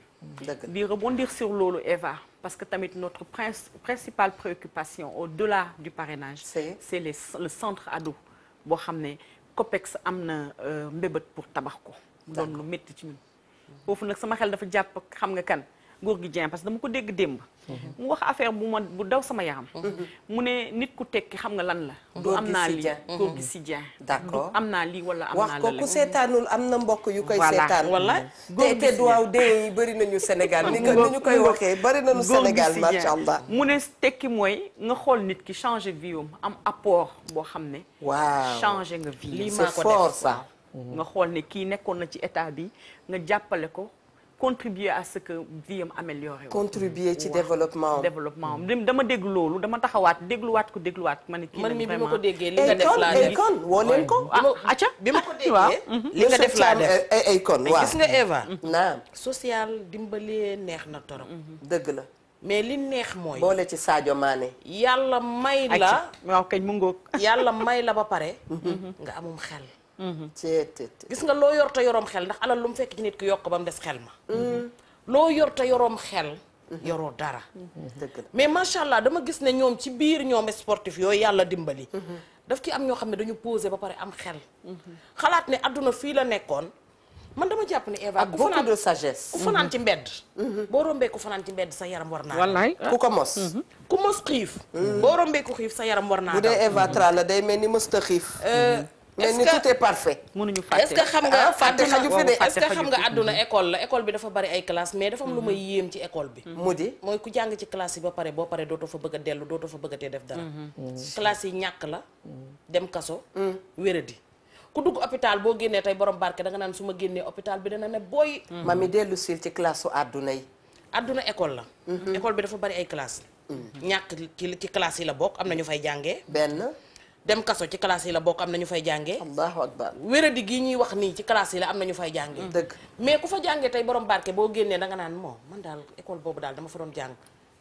di rebondir sur loolu Eva parce que tamit notre principale préoccupation au-delà du parrainage c'est les le centre ado boo xam ne COPEX am na euh, mbébét pour tabax ko mu doon lu metti ci ñun foofu nag sama xel dafa jàpp xam nga kan góor gi Dieng parce que dama ko dégg démb. Mhm. mu wax affaire bu ma bu daw sama yaram. Mhm. mu ne nit ku tekki xam nga lan la. du am naa lii góor gi si Dieng. Mhm. d'accord am naa lii wala am naa la wax ko ku seetaanul am na mbokk yu koy. seetaan wala góor gi si Dieng te te duwaaw nañu ñu koy waxee bëri nañu Sénégal macha allah. mu ne tekki mooy nga xool nit ki changer vie am am apport boo xam ne. waaw changer nga vie. lii maa ko def c'est Mm-hmm. nga xool ne kii nekkoon na ci état bi nga jàppale ko contribuer à ce que vie am amélioré contribuer ci mm-hmm. développement développement mm-hmm. dama dégg loolu dama taxawaat dégluwaat ko dégluwaat ma ne kii man mi ah, ah, bi ma ko déggee li nga def laa def eh, eh, kon woo leen ko acca bi ma ko déggee li nga def laa ay kon waaw gis nga Eva naam social dimbalee neex na torop dëgg la mais li neex mooy boole ci Sadio Mané yàlla may la waaw kañ mu ngoog yàlla may la ba pare nga amum xel Mm-hmm. gis nga loo yor te yoroom xel ndax alal lu mu fekk ci nit ki yokk ba mu des xel ma mm-hmm. loo yor te yoroom xel mm-hmm. yoroo dara mais macha allah dama gis ne ñoom ci biir ñoom sportif yooyu yàlla dimbali daf ci am ñoo xam ne dañu posé ba pare am xel xalaat ne àdduna fii la nekkoon man dama jàpp ni Eva ku fanaan de sagesse ci mbedd boo rombee ku fanaan ci mbedd sa yaram war naa wallaay ku ko mos ku mos xiif boo rombee ku xiif sa yaram war naa bu dee la day mel ni mësta xiif euh, mais ni tout est parfait. ce que xam nga ah, fàtte xaju fi de est-ce mm-hmm. école la école bi dafa bari ay classe mais dafa lu may mm-hmm. yéem ci bi. Mm-hmm. mu di mooy ku jàng ci classe yi ba pare boo pare dootoo fa a dellu dootoo fa bëgg a tee def dara. classe ñàkk la. dem kaso. Mm. wéradi ku dugg hôpital boo génnee tey borom barke danga naan su ma génnee bi dana ne booy. mami dellu sil ci classe su àdduna yi. àdduna école la. école bi dafa bari ay classe ñàkk ci ci classe la bokk am na ñu fay jàngee benn. dem kaso ci classe yi la bokk am na ñu fay jàngee. allahu akbar wéradi gii ñuy wax nii ci classe yi la am na ñu fay jàngee. Mm, dëgg mais ku fa jàngee tey borom barke boo génnee danga naan moom man daal école boobu daal dama fa doon jàng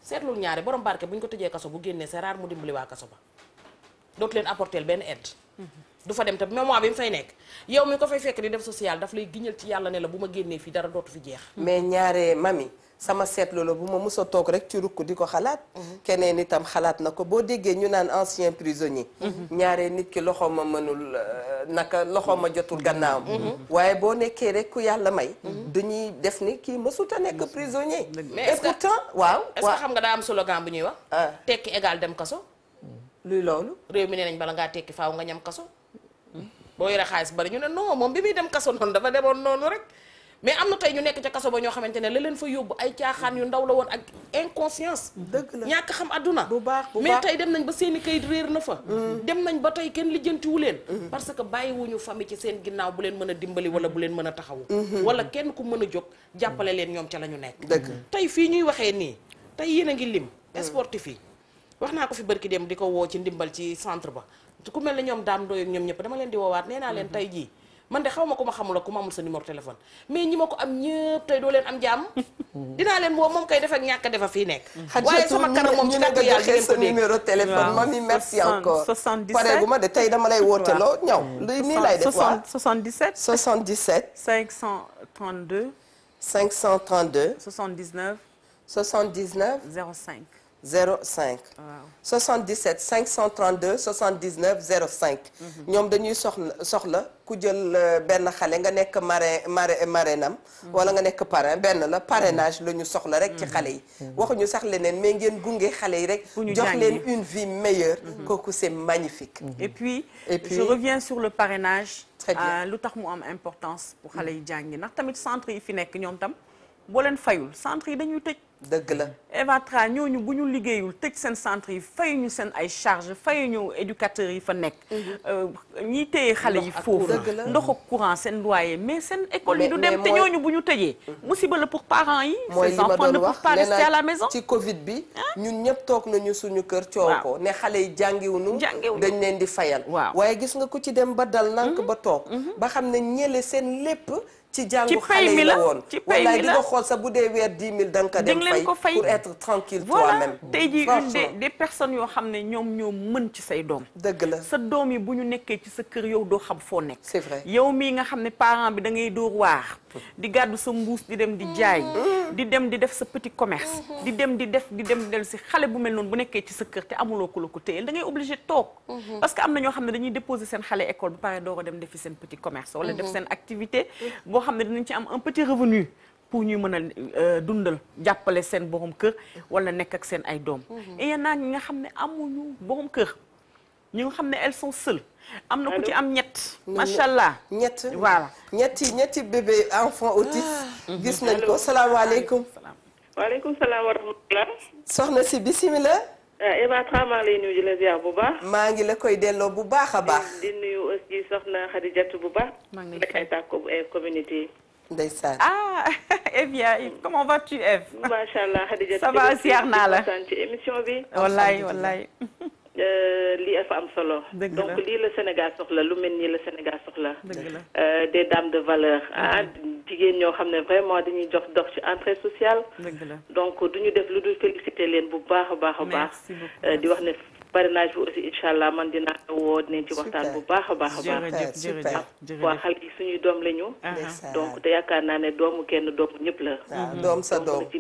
seetlul ñaari borom barke bu ñu ko tëjee kaso bu génnee c'est rare mu dimbali waa kaso ba dootu leen benn aide. Mm-hmm. du fa dem te mémoire bi mu fay nekk yow mi ko fay fekk di def social daf lay giñal ci yàlla ne la bu ma génnee fii dara dootu fi jeex. mais ñaare mami. sama seetlu la bu ma mës toog rek ci rukk di ko xalaat keneen itam xalaat na ko boo déggee ñu naan ancien prisonnier ñaare nit ki loxo ma mënul euh, naka loxo ma jotul gannaawam waaye boo nekkee rek ku yàlla may dañuy def ni kii mësut a nekk mais et pourtant waaw est-ce que xam nga daa am slogan bu ñuy wax ah. tekki égal dem kaso luy loolu réew mi nee nañ bala ngaa tekki faaw nga ñam kaso boo yore xaalis bari ñu ne non moom bi muy dem kaso noonu demoon noonu mais am na tey ñu nekk ca kaso ba ñoo xamante ne la leen fa yóbbu ay caaxaan yu ndaw la woon ak inconscience dëgg ñàkk xam adduna bu baax mais tey dem nañ ba seeni kayit réer na fa mm-hmm. dem nañ ba tey kenn lijjantiwu leen mm-hmm. parce que bàyyiwuñu famille ci seen ginnaaw bu leen mën a dimbali wala bu leen mën a taxawu mm-hmm. wala kenn ku mën a jóg jàppale leen ñoom ca la ñu nekk tey fii ñuy waxee nii tey yéen a ngi lim sportif yi wax naa ko fi barki dem di ko woo ci ndimbal ci centre ba ku mel ñoom daam dooy ak ñëpp dama leen di woowaat nee naa leen tey jii man de xaw ma ku ma xamula ak ku ma amul sa numéro téléphone mais ñi ma ko am ñëpp tey doo leen am jaam mm-hmm. dinaa leen woo moom kay def ak ñàkk defa fii nekk mm-hmm. waaye sama kanam moom ci kàddu yàlla di ngeen ko dégg numéro téléphone mami merci encore 77 pareeguma de tey dama lay wooteloo ñaw mm. li nii lay def waaw 77 77 532 532 79 79 05 05. waaw 77 532 79 05. ñoom dañuy soxla soxla ku jël euh, benn xale nga nekk marin marin marinam. wala nga nekk parrain benn la parrainage la ñu soxla rek. ci xale yi waxuñu sax leneen mais ngeen gunge xale yi rek. jox leen une vie meilleure. Mhm. kooku c'est magnifique. Mhm. et puis je reviens sur le parrainage. très bien euh, lu tax mu am importance. pour xale yi jàngi ndax tamit centre yi fi nekk ñoom tam boo leen fayul centre yi dañuy tëj. dëgg la Eva Tra ñooñu bu ñu liggéeyul tëj seen centre yi fayu ñu seen ay charge fayu ñu éducateurs yi fa nekk mhm. ñiy téye xale yi foofu ndox ak courant seen loyer mais seen école yi du dem te ñooñu bu ñu tëjee mhm. musiba la pour parents yi mooy li ma doon wax nee na ci covid bi ñun ñëpp toog nañu suñu kër coow ko ne xale yi nu jàngiwunu dañ leen di fayal waaye gis nga ko ci dem ba dal nank mhm. ba toog ba xam ne ñële seen lépp ci jàngu xale yi la woon ci pay la xool sax bu dee weer 10 000 da ko dem fay pour être tranquille toi-même voilà tey jii une de des personnes yoo xam ne ñoom ñoom mën ci say doom dëgg la sa doom yi bu ñu nekkee ci sa kër yow doo xam foo nekk c'est yow mii nga xam ne parent bi dangay ngay dóor waar di gàddu sa mbuus di dem di jaay di dem di def sa petit commerce di dem di def di dem di xale bu mel noonu bu nekkee ci sa kër te amuloo ku la ko téyel da ngay obligé toog parce que am na ñoo xam ne dañuy déposer seen xale école ba pare door a dem defi seen petit commerce wala def seen activité boo xam ne dinañ ci am un petit revenu pour ñuy mën a euh, dundal jàppale seen borom kër wala nekk ak seen ay doom et nga xam ne amuñu borom kër ñu xam ne elles sont am na ku ci am ñett. macha allah ñett voilà. ñetti ñetti bébé enfant autiste. Ah. gis mhm. nañ ko salaamaaleykum. waaleykum salaam wa rahmatulah. soxna si bisimilah. Eh, Eva Tra maa ngi lay nuyu di la bu baax. maa ngi la koy delloo bu baax a baax. Eh, di nuyu aussi soxna Xadijatu bu baax. maa ngi lay fay eh, communauté. ndeysaan ah Evia comment vas-tu Eve. macha allah Xadijatu ça va ziar naa la sant ci émission bi. wallaay wallaay. Euh, lii dafa am solo. donc lii la Sénégal soxla lu mel nii la Sénégal soxla. Euh, des dames de valeur ah jigéen ñoo xam ne vraiment dañuy jox dox ci entrée sociale. donc du ñu def lu dul féliciter leen bu baax a baax a baax. Euh, di wax ne parrainage bi aussi incha allah man dinaa ko woo dinañ ci waxtaan bu baax a baax a baax. Ah, jërëjëf waa xale yi suñuy doom la ñu. donc te yaakaar naa ne doomu kenn doomu ñëpp la. Mhm. doom sa doom ci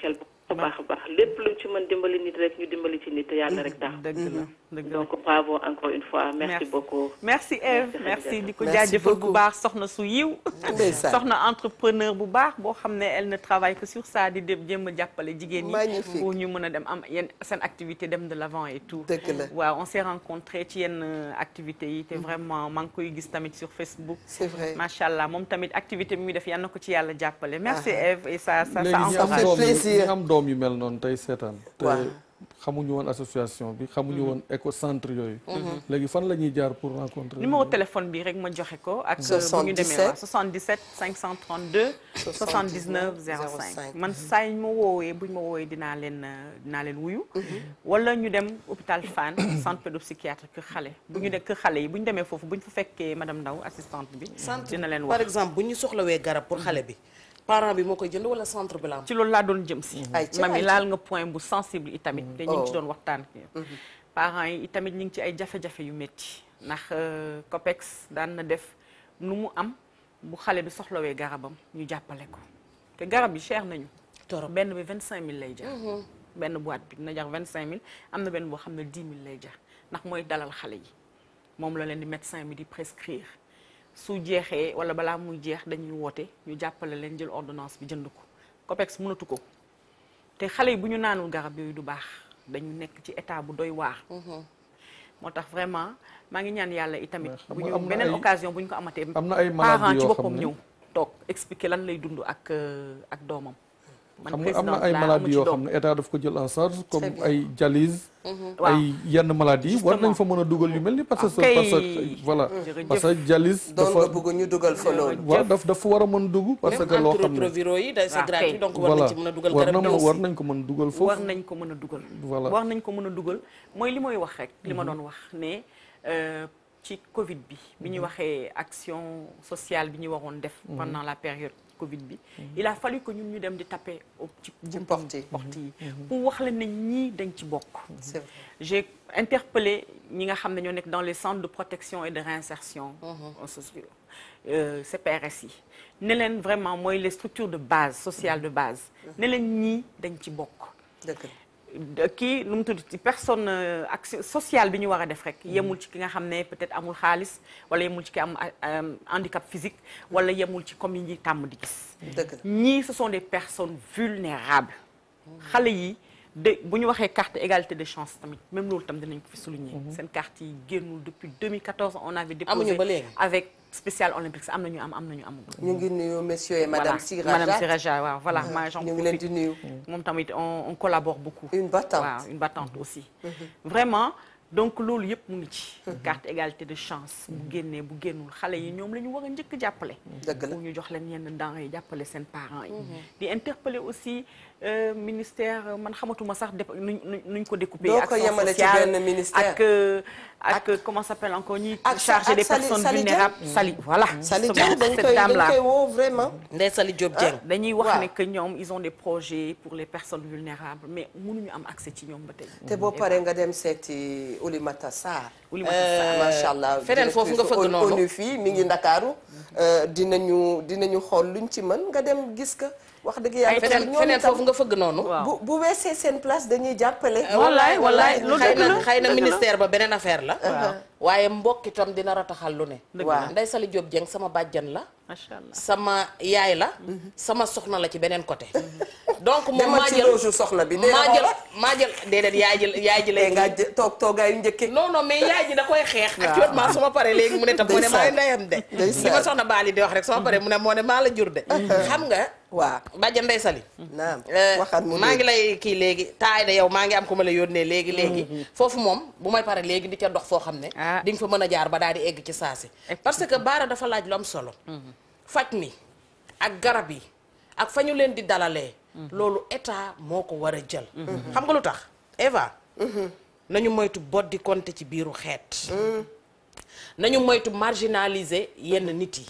xel bu baax a baax lépp luñ ci dimbali nit rek ñu dimbali ci nit yàlla rek tax. dëgg la dëgg la donc bravo encore une fois. merci beaucoup merci di ko jaajëfal bu baax soxna su yiw. soxna entrepreneur bu baax boo xam ne elle ne travaille que sur ça di dem jéem jàppale jigéen ñi. pour ñu mën a dem am yenn seen activité dem de l'avant et tout. dëgg la waaw on s'est rencontré ci yenn euh, activités yi te mm. vraiment maa ngi koy gis tamit sur Facebook. c'est vrai macha moom tamit activité bi muy def yal na ko ci yàlla jàppale. merci ah. doom yu mel noonu tey seetaan te xamuñu woon association bi xamuñu mm-hmm. woon écocentre yooyu mm-hmm. léegi fan la ñuy jaar pour rencontrer numéro téléphone bi rek ma joxe ko ak euh, bu ñu demee 77 man mm-hmm. saa ma woowee buñ ma woowee dinaa leen euh, dinaa leen wuyu wala ñu dem hôpital Fann centre pédopsychiatre kër xale bu de kër xale bu ñu demee foofu bu ñu fa fekkee madame Ndaw assistante bi dina leen wax bu ñu soxlawee garab pour xale bi parent bi moo koy jënd wala centre bi la am. ci loolu laa doon jëm laal nga point bu sensible itamit. te ñu ngi ci oh. doon waxtaan. Mm-hmm. parents yi itamit ñu ngi ci ay jafe yu métti ndax euh, COPEX daan na def nu mu am bu xale bi soxlawee garabam ñu jàppale ko te garab yi cher nañu. torop benn bi 25000 lay jar. Mm-hmm. benn boîte bi dina jar 25000 am na benn boo xam ne 10000 lay jar ndax mooy dalal xale yi moom la leen di médecin bi di prescrire. su jeexee wala balaa muy jeex dañuy woote ñu jàppale leen jël ordonnance bi jënd ko COPEX mënatu ko te xale yi bu ñu naanul garab yooyu du baax dañu nekk ci état bu doy waar. Mhm. moo tax vraiment maa ngi ñaan yàlla itamit. bu ñu beneen occasion bu ñu ko amatee. am na ay maladies yoo xam ci boppam ñëw toog expliquer lan lay dund ak euh, ak doomam. xam nga am na ay maladies yoo xam ne état daf ko jël en charge comme ay dialyse mhm. ay yenn maladies war nañ fa mën a dugal yu mel ni parce que parce que voilà parce que dialyse dafa doon ñu dugal fa loolu waaw daf dafa war a mën dugg parce que loo xam ne yi day c'est gratuit war nañ a dugal garab voilà ko mën a dugal foofu war nañ ko mën a dugal voilà war nañ ko mën a dugal mooy li mooy wax rek li ma mhm. doon wax ne euh, ci covid bi bi ñu mhm. waxee action sociale bi ñu waxoon def pendant la période Covid bi. Mhm. il a fallu que ñun ñu dem di taper ci ci porte yi porte yi. Mhm. Mhm. pour wax ne ñii dañ ci bokk. c'est vrai j'ai interpellé ñi nga xam ne ñoo nekk dans les centres de protection et de réinsertion. Euh, CPRS yi. ne leen vraiment mooy les structures de base sociales de base. ne leen ñii dañ ci bokk. kii nu mu tudd ci personne euh, action sociale bi ñu war a def rek yemul ci ki nga xam ne peut-être amul xaalis wala yemul ci ki am euh, handicap physique wala yemul ci comme yi ñuy tàmm di gis ñii ce sont des personnes vulnérables xale yi de bu ñu waxee carte égalité des chances tamit même loolu tam dinañ ko fi souligner mhm. seen carte yi génnul depuis 2014 on avait déposé avec spécial Olympics am na ñu am am na ñu amul. ñu madame. Siraja madame Siraja voilà. Ah, ñu ngi leen mm. tamit on collabore beaucoup. une battante mm-hmm. aussi. Mm-hmm. vraiment donc loolu yëpp mu ngi ci. Mm-hmm. carte égalité de chance. bu génnee bu génnul xale yi ñoom la ñu war a njëkk jàppale. dëgg la ñu jox leen yenn denrées yi jàppale seen parents di interpeller aussi. Euh, ministère man xamatuma sax nuñ nuñ ko découper. doo ko yemale ci benn ministère ak euh, ak comment s'appelle encore ñi. chargé des personnes vulnérables mm. Sali voilà. Mm. Sali Diop dañ koy dañ koy vraiment. Ndeye Sali Diop ah. Dieng. dañuy wax ne que ñoom ils ont des projets pour les personnes vulnérables mais mënuñu am accès ci ñoom ba te boo paree nga dem seeti Oulimata Sarr. Oulimata Sarr euh, macha allah. feneen foofu nga fëgg noonu fii mi ngi Ndakaaru. dinañu dinañu xool luñ ci mën nga dem gis ka wax dëgg yàlla feneen feneen foofu nga fëgg noonu bu bu weesee seen place dañuy jàppale wallaay wallaay lu dëgg la xëy na ministère ba beneen affaire la waaye mbokk itam dina rataxal lu ne. waaw Ndeye Sali jóob Dieng sama bàjjan la. macha allah sama yaay la. Mhm. sama soxna la ci beneen côté. Mhm. donc moom maa jël demal ci soxna bi. maa jël maa yaay ji yaay ji lay. toog toogaayu njëkki. non non mais yaay ji da koy xeex. waaw maa su ma paree léegi mu ne tam moo ne maa ndeyam Baali di wax rek su ma paree mu ne moo ne maa la jur de. Mhm. xam nga. waaw bàjjan Ndeye Sali. naam euh, maa ngi lay kii léegi taay da yow maa ngi am ku ma la yónnee léegi léegi. foofu moom bu may paree léegi di ca ndox foo xam ne ah. Ah. di nga fa mën a jaar ba daal di egg ci saa si parce que baara dafa laaj lu am solo mhm. faj mi ak garab yi ak fa ñu leen di dalalee mhm. loolu état moo ko war a jël mhm. xam nga lu tax Eva nañu moytu bot di compter ci biiru xeet nañu moytu marginaliser yenn nit yi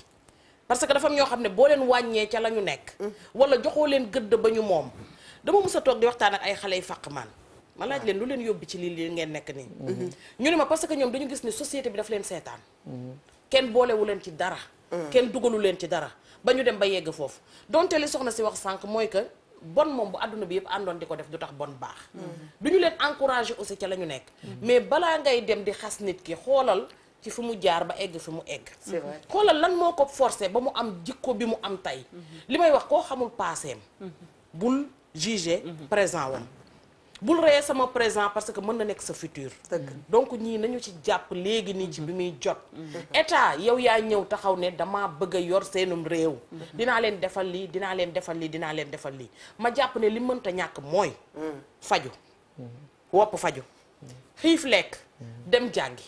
parce que dafa am ñoo xam ne boo leen wàññee ca la ñu nekk wala joxoo leen gëdd ba ñu moom dama mës a toog di waxtaan ak ay xale yi fàq man ma laaj leen lu leen yóbbu ci lii li ngeen nekk nii mhm. Mhm. ñu ne ma parce que ñoom dañu gis ni société bi daf leen seetaan mhm. kenn boolewu leen ci dara kenn dugalu leen ci dara ba ñu dem ba yegg foofu donte li soxna si wax sànq mooy que bon moom bu àdduna bi yëpp àndoon di ko def du tax bon baax du ñu leen encouragé aussi ca la ñu nekk mais balaa ngay dem di xas nit ki xoolal ci fi mu jaar ba egg fi mu egg xoolal lan moo ko forcé ba mu am jikko bi mu am tey li may wax koo xamul paaseem bul juger présent wam bul reyee sama présent parce que mën na nekk sa futur donc ñii nañu ci jàpp léegi nii ci bi muy jot état yow yaa ñëw taxaw ne dama bëgg a yor seenum réew dinaa leen defal lii dinaa leen defal lii dinaa leen defal lii ma jàpp ne li mënta ñàkk mooy faju wopp faju xiif lekk dem jàngi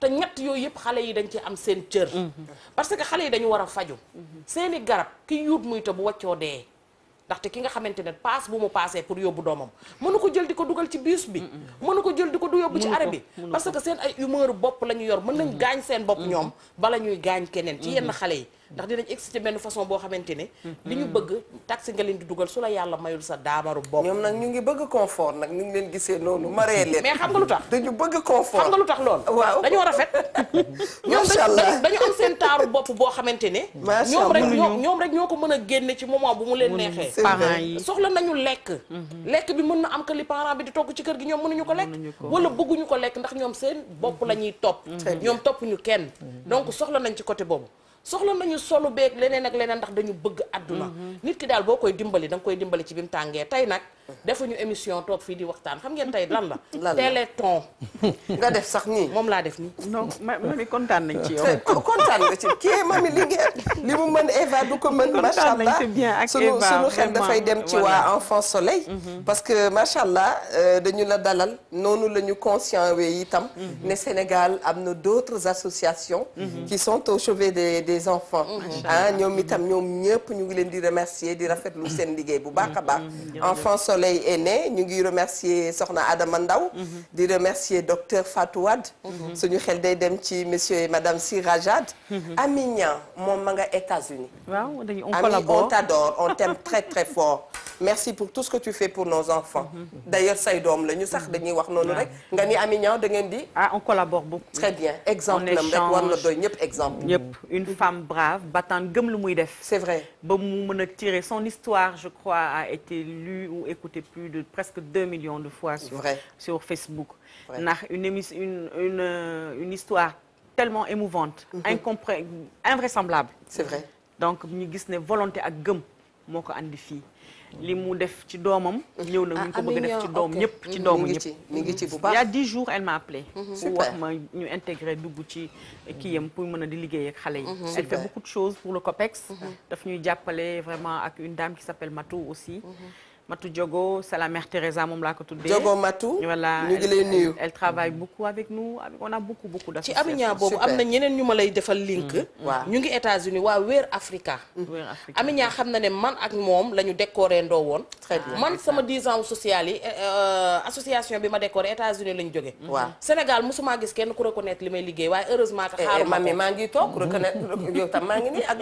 te ñett yooyu yëpp xale yi dañ ci am seen cër mm-hmm. parce que xale yi dañu war a faju seeni garab ki yuut muy te bu waccoo dee ndaxte ki nga xamante ne paas bu mu paasee pour yóbbu doomam mënu ko jël di ko dugal ci bus bi mënu ko jël di ko du yóbbu ci arrêt bi parce que seen ay humeur bopp lañu yor mën nañ gaañ seen bopp ñoom bala ñuy gaañ keneen ci yenn xale yi ndax dinañ excité benn façon boo xamante ne li ñu bëgg taxe nga leen di dugal su la yàlla mayul sa daamaru bopp ñoom nag ñu ngi bëgg confort nag ñu ngi leen gisee noonu maree leen mais xam nga lu tax dañu bëgg confort xam lu tax loolu waaw dañoo rafet ñoom dañu am seen taaru bopp boo xamante ne ñoom rek ñoom rek ñoo ko mën a génne ci moment bu mu leen neexee parents yi soxla nañu lekk mhm. lekk bi mën na am que li parent bi di togg ci kër gi ñoom mënuñu ko lekk wala bëgguñu ko lekk ndax ñoom seen bopp la ñuy topp mhm. ñoom topp ñu kenn mhm. donc soxla nañ ci côté boobu soxla nañu solu beeg leneen ak leneen ndax dañu bëgg àdduna mm-hmm. nit ki daal boo koy dimbali danga koy dimbali ci bi mu tàngee tey nag ñu émission toog fii di waxtaan xam ngeen tey lan la. lan la nga def sax nii moom laa def nii. non mami kontaan nañ ci yow. kontaan nga ci li ngeen li mu mën Eva du ko mën. macha allah kontaan nañ ci bien ak dem ci waa Enfant Soleil. Mhm. parce que macha allah euh, dañu la dalal noonu lañu ñu conscient wee itam. Mhm. ne Sénégal am na d'autres associations. Mhm. qui sont au chevet des des enfants. ah ñoom itam ñoom ñëpp ñu ngi leen di remercier di rafetlu seen liggéey bu baax a baax. soleil est né ñu ngi remercier soxna Adama Ndaw mhm. di remercier docteur Fatou Wade mhm. suñu xel day dem ci monsieur et madame Sirajad mhm. Amignan moom ma nga États-Unis waaw dañuy on collabore on t'adore on t'aime très très fort merci pour tout ce que tu fais pour nos enfants d'ailleurs say doom la ñu sax dañuy wax noonu rek nga ni Amignan da ngeen di ah on collabore beaucoup très bien exemple lam rek war na doy ñëpp exemple ñëpp une femme brave battante gëm muy def c'est vrai ba mu mën son histoire je crois a été lue écouté plus de presque 2 millions de fois sur, Vrai. sur Facebook ndax une émission une une euh, une histoire tellement émouvante mhm. invraisemblable donc ñu gis ne volonté ak gëm moo ko andi fii li mu def ci doomam ñëw na ah, ñu a def ci doom ñëpp ci doomu ñëpp mi ngi a dix jours elle m'a appelé mhm. pour wax ma intégré dugg ci kii yam pour mën a di liggéey ak yi mhm. elle fait beaucoup de choses pour le COPEX daf ñuy jàppale vraiment ak une dame qui s'appelle Matou aussi Matou Diogo c'est la mère Teresa moom laa ko tuddee. Diogo ñu ngi lay nuyu. elle travaille a beaucoup beaucoup d'associations. ci Aminia boobu am na ñeneen ñu ma lay defal link. Mm, mm. ñu ngi États-Unis waa Wér Africa. Mm. Wér xam na ne man ak moom la ñu décoré ndoo woon. très man sama 10 ans social yi eh, euh, association bi ma décoré États-Unis la ñu jógee. Mm-hmm. waaw Sénégal mosuma gis kenn ku reconnaître li may liggéey waaye heureusement. te eh, eh, xaaru ma maa ngi toog mm-hmm. maa ngi nii ak.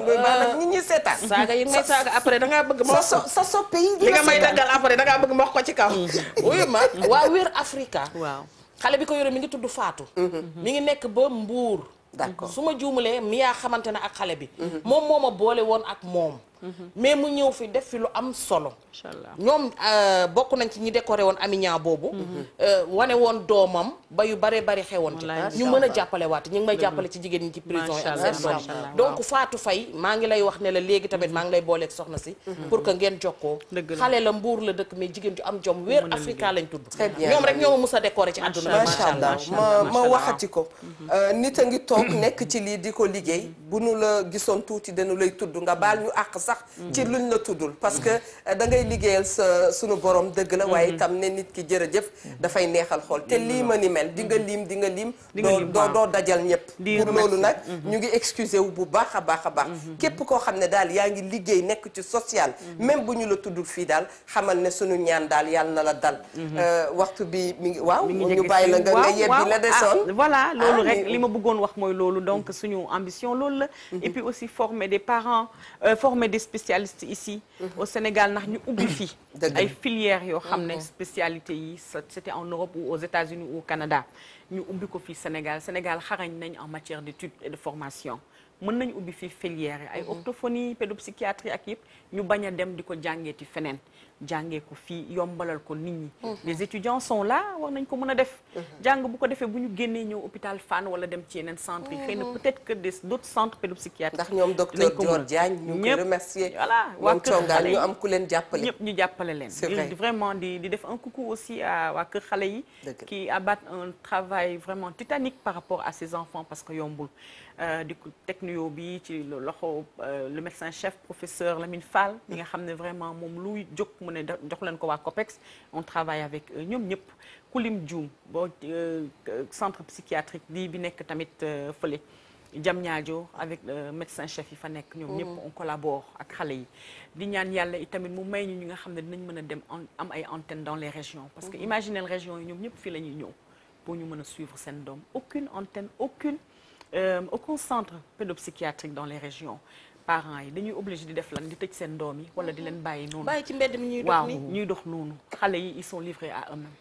ñi ñuy seetaan saaga yi may saaga après da ngaa bëgg ma sa sa soppi yi dal après dangaa bëgg ma ci kaw. Mhm. waa wér Africa. waaw xale bi ko yore mi ngi tudd Fatou. Mhm. mi ngi nekk ba Mbour. d'accord su ma juumalee mi yaa xamante ne ak xale bi. Mhm. moom moo ma boole woon ak moom. mais mu ñëw fi def fi lu am solo. inchallah ñoom euh, bokk nañ ci ñi décoré woon Aminia boobu. Mhm. Euh, wane woon doomam ba yu bare bari xewoon. ñu mën a jàppale waat ñu ngi may jàppale ci jigéen ñi ci prison yi. ak seen doom donc Fatou Faye maa ngi lay wax ne la léegi tamit mhm. maa ngi lay booleek soxna si. Mhm. pour que ngeen jokkoo. xale la mbuur la dëkk mais jigéen ju am jom wéer Africa lañ tudd. ñoom rek ñoo mus a décoré ci àdduna macha allah ma ma waxati ko. Euh, nit a ngi toog nekk ci lii di ko liggéey bu nu la gisoon tuuti dañu lay tudd nga baal ñu àq sax ci luñ la tuddul parce que euh, da ngay liggéeyal sa sunu borom dëgg la waaye itam ne nit ki jër jëf dafay neexal xool te lii ma ni mel di nga liim di nga liim doo doo doo dajal ñëpp pour loolu nag mm-hmm. ñu ngi excusé wu bu baax a baax a baax mm-hmm. képp koo xam ne daal yaa ngi liggéey nekk ci social mm-hmm. même bu ñu la tuddul fii daal xamal ne suñu ñaan daal yàlla na la dal euh, waxtu bi mu ngi waaw ñu bàyyi la nga nga yebbi la desoon ah, voilà ah, loolu rek li ma bëggoon wax mooy loolu donc suñu ambition loolu la spécialistes ici au Sénégal ndax ñu ubbi fii ay filières yoo xam ne mm-hmm. spécialité yi c'était en Europe ou aux États-Unis ou au Canada ñu ubbi ko fii Sénégal Sénégal xarañ nañ en matière d'études et de formation mën nañ ubbi fii filières yi ay mm-hmm. orthophonie pédopsychiatrie ak yëpp ñu bañ a dem di ko jàngeeti feneen jàngee ko fii yombalal ko nit ñi mhm. les étudiants sont là war nañ ko mën a def mhm. jàng bu ko defee bu ñu génnee ñëw hôpital Fann wala dem ci yeneen centre yi mhm. xëy na peut-être que des d'autres centres pédopsychiatriques ndax ñoom docteur Dior Diagne ñu ngi koy remercier voilà waa kër ñu am ku leen jàppale ñëpp ñu jàppale leen di vraiment di di def un coucou aussi à xale yi qui abattent un travail vraiment titanique par rapport à ces enfants parce que yombul Euh, di ko teg nuyoo bi ci loxo euh, le médecin chef professeur Lamine Fall mi nga xam ne vraiment moom luy jóg mu ne jox leen ko waa COPEX on travaille avec euh, ñoom ñëpp Kulim Dioum boo centre psychiatrique bi bi nekk tamit fële Diamniadio avec médecin chef yi fa nekk ñoom ñëpp mm-hmm. on collabore ak xale yi di ñaan yàlla itamit mu may ñu ñi nga xam ne dinañ mën a dem am ay antenne dans les régions parce que mm-hmm. imaginez régions yi ñoom ñëpp fii la ñuy ñëw pour ñu mën a suivre seen doom aucune Euh, aucun centre pédopsychiatrique dans les régions parent yi dañuy obligé di def lan di tëj seen doom yi wala di leen mhm. bàyyi noonu. bàyyi ci mbedd mi ñuy dox waaw ñuy dox noonu. xale yi ils sont livrés à eux-mêmes.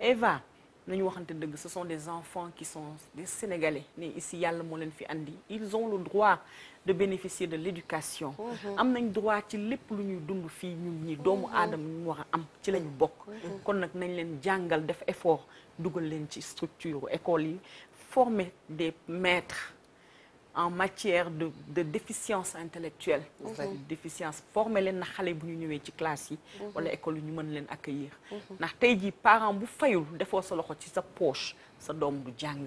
Eva nañu waxante dëgg ce sont des enfants qui sont des Sénégalais mais ici yàlla moo leen fi andi ils ont le droit de bénéficier de l'éducation. Mhm. am nañ droit ci lépp lu ñuy dund fii ñu ñi doomu mhm. aadama ñu war a am ci lañu bokk. kon nag nañ leen jàngal def effort dugal leen ci structure école yi former des maîtres en matière de de déficience intellectuelle mhm. déficience former leen na xale bu ñu ñëwee ci classe yi mhm. wala école yu ñu mën leen accueillir mhm. ndax tey jii parent bu fayul defoo sa loxo ci sa poche sa doom du jàng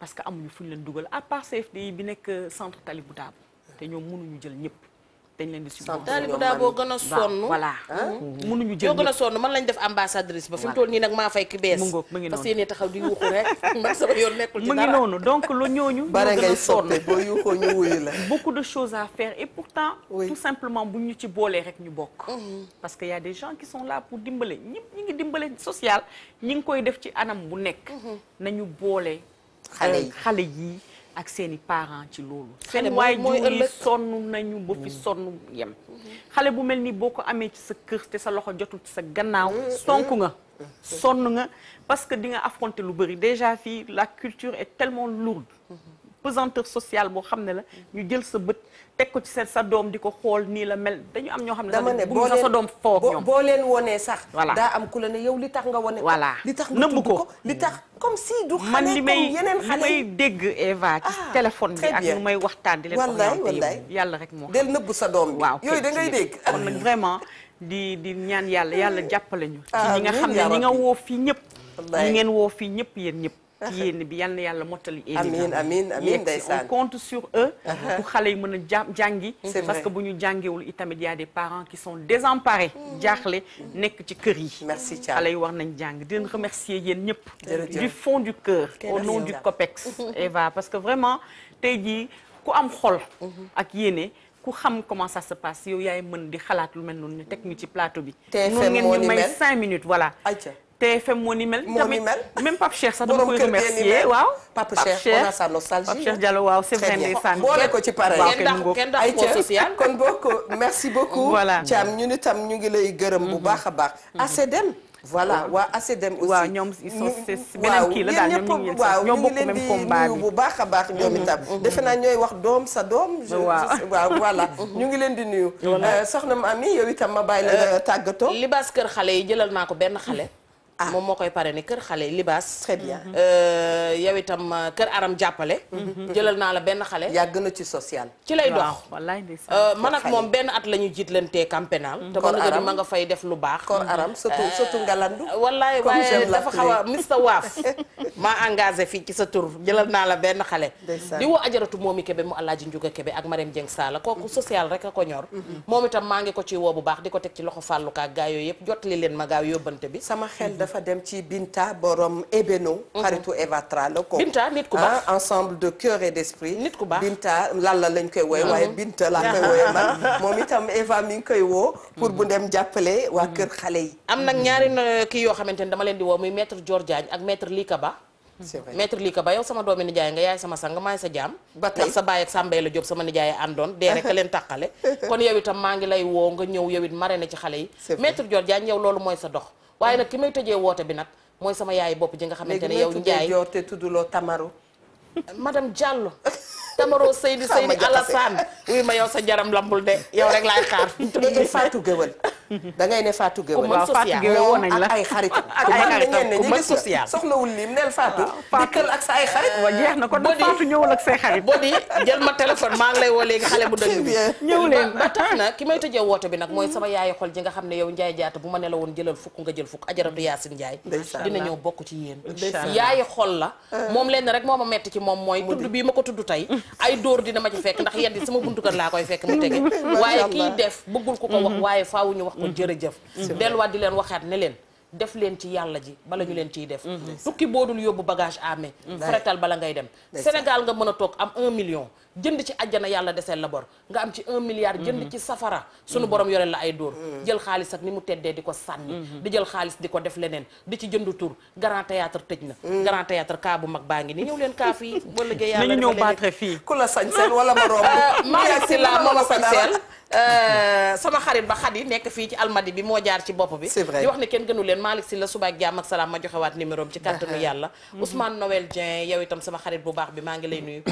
parce que amuñu fu ñu leen dugal à part CFD yi bi nekk euh, centre Talibou Dabo te ñoom mënuñu jël ñëpp dañ leen di supporté taalibu daa boo gën a sonn voilà mënuñu jël ñoo a sonn man lañ def ambassadrice ba fi mu toll nii nag maa fay ki bees mu ngi parce que yéen la bokk de choses à faire et pourtant tout simplement bu ñu ci boolee rek ñu bokk mm-hmm. parce que y a des gens qui sont là pour dimbale ñi ñi ngi dimbale social ñu ngi koy def ci anam bu nekk mm-hmm. nañu boole xale euh, yi ak seen i parents ci loolu seen waajur yi sonn nañu ba fi mm. sonn yem mm-hmm. xale bu mel ni boo ko amee ci sa kër te sa loxo jotul ci sa gannaaw mm-hmm. sonk nga mm-hmm. sonn nga parce que di nga affronter lu bëri déjà fii la culture est tellement lourde pesanteur sociale boo xam ne la ñu jël sa bët teg ko ci seen sa doom di ko xool nii la mel dañu am ñoo xam ne dama ne boo leen sa doom foog ñoom boo leen wonee sax voilà daa am ku la ne yow li tax nga wone voilà li tax nga ko li tax comme si du xale comme yeneen xale man li may dégg Eva ci ah, téléphone bi ak ñu may waxtaan di leen wallaay wallaay yàlla rek moo del nëbb sa doom bi waaw yooyu da ngay dégg kon nag vraiment di di ñaan yàlla yàlla jàppale ñu ci ñi nga xam ne ñi nga woo fii ñëpp ñi ngeen woo fii ñëpp yéen ñëpp ci yéen bi yal na yàlla mottali amiin amiin amiin ndeysaan on compte sur eux bu uh-huh. xale yi mën a ja jàngi parce que bu ñu jàngewul itamit y a des parents qui sont désemparés mm. jaaxle nekk ci kër yi merci xale yi war nañ jàng di leen remercier yéen ñëpp du fond du cœur au nom du COPEX Eva parce que vraiment tey jii ku am xol mm-hmm. ak yéene ku xam comment ça se passe yaay mën di xalaat lu mel noonu ñu teg ñu ci plateau bi noonu ngeen ñu may cinq minutes voilà TFM moo ni mel. moo ni mel même Pape Cheikh sax dama koy remercier waaw. Pape Cheikh on a sa nostalgie Pape Cheikh Diallo waaw c'est vrai ndeysaan. boole ko ci pare kenn kon bokk merci beaucoup. voilà Thiam ñun itam ñu ngi lay gërëm bu mhm. baax a baax. ACDEM. Mhm. voilà waa ACDEM aussi waaw ñoom ils sont beneen kii la daal ñoom ñu ngi waaw ñoo bokk même combat bi bu baax a baax ñoom mhm. itam defe naa ñooy wax doom sa doom waaw voilà ñu ngi leen di nuyu euh, soxna ma ami yow itam ma bàyyi la euh, tàggatoo li baas kër xale yi jëlal naa ko benn xale Ah. moom moo koy parrainé kër xale libaas très bien euh, yow itam euh, kër aram jàppale mm-hmm. Mm-hmm. jëlal naa la benn xale yàgg na ci social ci lay dox euh, man ak moom benn at la ñu jiitlantee campénal mm-hmm. te mën nga ma nga fay def lu baax kor aram surtout surtout ngalandu wallaay waaye dafa xaw a waaf maa engagé fii ci sa tur jëlal naa la benn xale di woo ajaratu moomi kebe mu alaaji njuga kebe ak marem jeng saala kooku social rek a ko ñor moom itam maa ngi ko ci woo bu baax di ko teg ci loxo fàllukaa gaa yooyu leen ma gaaw yóbbante bi sama dafa dem ci Binta borom Ebeno. Mhm. xaritu Eva Tra la ko. Binta nit ku baax ah, de cœur et d'esprit. nit Binta Lalla lañ koy wooye mhm. waaye Binta laa koy wooye man moom itam Eva mi ngi koy woo. pour bu mhm. dem jàppale waa kër xale yi. am nag ñaari kii yoo xamante ni dama leen di woo muy metre Dior Diagne ak maître Lika Ba. c'est vrai maître lii ka ba yow sama doomi nga yaay sama sang maay sa jaam ba tey ndax sa baay ak sàmbay la jóob sama nijaay àndoon dee rek a leen tàqale kon yow itam maa ngi lay woo nga ñëw yow it na ci xale yi maître Dior Diagne yow loolu mooy sa dox waaye nag ki may tëjee woote bi nag mooy sama yaay bopp ji nga xamante ne yow njaay léegi may tuddee joor te tudduloo Tamaru Tamaro Seydi Seydi Alassane wuy ma yow sa jaram lambul de yow rek laay xaar. léegi eh, eh, Fatou Guewel da ngay ne Fatou Guewel. waaw Fatou Guewel woon nañ la ay xarit. ak ay xarit ku mën social soxlawul lim neel Fatou. dikkal ak sa ay xarit. waaw jeex na kon Fatou ñëwul ak say xarit. boo di jël ma téléphone maa ngi lay woo léegi xale bu dëgg bi. ñëw leen ba tax na ki may tëjee woote bi nag mooy sama yaay xol ji nga xam ne yow Ndiaye Jaata bu ma ne la woon jëlal fukk nga jël fukk ajaratu Yacine Ndiaye. dina ñëw bokk ci yéen. yaay xol la ah. moom leen rek moo ma metti ci moom mooy tudd bii ma ko tudd tey ay dóor dina ma ci fekk ndax yeddi sama buntu kër laa koy fekk mu tege waaye kiy def bëggul ko ko wax mm-hmm. waaye faawu ñu wax ko mm-hmm. jërëjëf delluwaat di leen waxaat ne leen def leen ci yàlla ji bala ñu leen ciy def mm-hmm. tukki boodul yóbbu bagage amee fretal bala ngay dem Sénégal nga mën a toog am un million jënd ci àjjana yàlla desee la bor nga am ci un milliard jënd mhm. ci safara sunu borom yoreel la ay dóor mhm. jël xaalis ak ni mu teddee di ko sànni mhm. di jël xaalis di ko def leneen di ci jënd tur grand théâtre tëj na grand théâtre kaa bu mag baa ngi nii ñëw leen kaa fii boo liggéey yàlla nañu ñëw baatre fii ku la sañseel wala ma romb Malick moo euh, sama xarit ba xadi nekk fii ci almadi bi moo jaar ci bopp bi di wax ne kenn gënu leen si la suba ak jàmm ak salaam ma joxewaat numéro bi ci kàttanu yàlla Ousmane Noël Dieng yow itam sama xarit bu baax bi maa ngi lay nuyu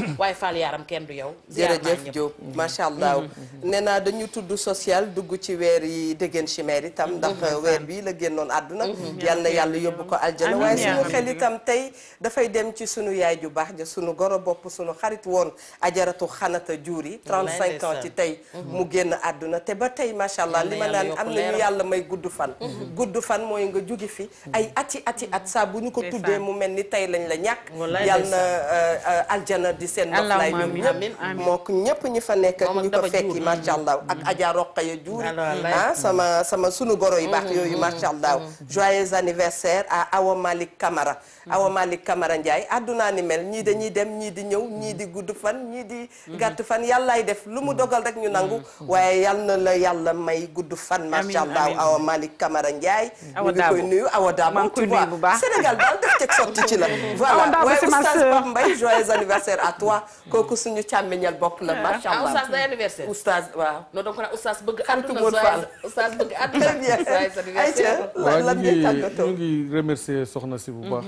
du yow. jërëjëf Diop mhm. macha allah mhm. Mhm. nee naa dañu tudd social dugg ci weer yi déggeen chimère itam ndax weer bii la génnoon àdduna. yàlla yàlla yóbbu ko aljana waaye suñu xel itam tey dafay dem ci sunu yaay ju baax ja sunu goro bopp sunu xarit woon ajaratu xanata juur yi 35 ans ci tey mu génn àdduna te ba tey macha allah li ma naan am nañu yàlla may gudd fan gudd fan mooy nga jugi fi ay ati ati at saa ñu ko tuddee mu mel ni tey lañ la ñàkk yàlla euh, euh, aljana di seen noflaay ñoom mook ñépp ñi fa nekk ak ñu ko fekki macha allah ak mm-hmm. Adja Roqaya Diouri ah mm-hmm. sama sama sunu goro yu baax mm-hmm. yooyu macha allah joyeux anniversaire à Awa Malick Camara Awa Malick Camara Ndiaye àdduna ni mel ñii dañuy mm. dem ñii di ñëw ñii di mm. gudd fan ñii di mm. gàtt fan yàllaay def lu mu dogal rek ñu nangu waaye yal na la yàlla may gudd fan macha allah Awa Malick Camara Ndiaye ñu ngi koy nuyu Awa Dabo tu vois Sénégal daal def la voilà waaye oustaz Pape Mbaye joyeux anniversaire à kooku suñu càmmiñal bopp la ah. macha ah, allah anniversaire na oustaz bëgg àdduna ay ca lan ñu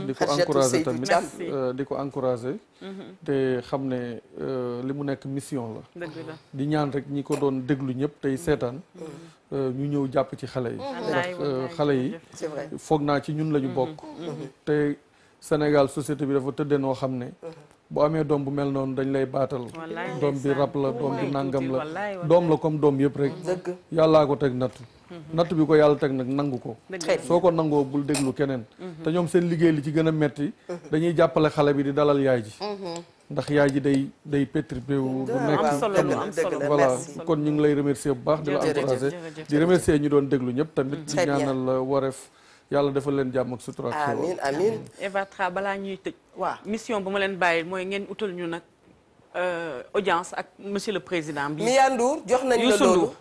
ngi encouragé tamit euh, di ko encouragé mm-hmm. te xam ne euh, li mu nekk mission la di ñaan rek ñi ko doon déglu ñëpp tey seetaan mm-hmm. euh, ñu ñëw jàpp ci xale yi mm-hmm. ndax xale yi foog naa ci ñun la ñu bokk te Sénégal société bi dafa tëddee noo xam ne bu amee doom bu mel noonu dañ lay baatal doom bi rab la doom bi nàngam la doom la comme doom yëpp rek yàllaa ko teg nattu natt bi ko yàlla teg nag nangu ko soo ko nangoo bul déglu keneen mhm. te ñoom seen liggéey li ci gën a metti mhm. dañuy jàppale xale bi di dalal yaay ji mhm. ndax yaay ji day day pétrifié du nekk ah, kon ñu ngi lay remercier bu baax. di la encouragé di remercier ñu doon déglu ñëpp tamit. di ñaanal euh, wareef yàlla defal leen jàmm ak sutura. amiin amiin Eva Tra balaa ñuy tëj. waaw mission bu ma leen bàyyi mooy ngeen utal ñu nag euh, audience ak monsieur le président bi. Miya Ndour jox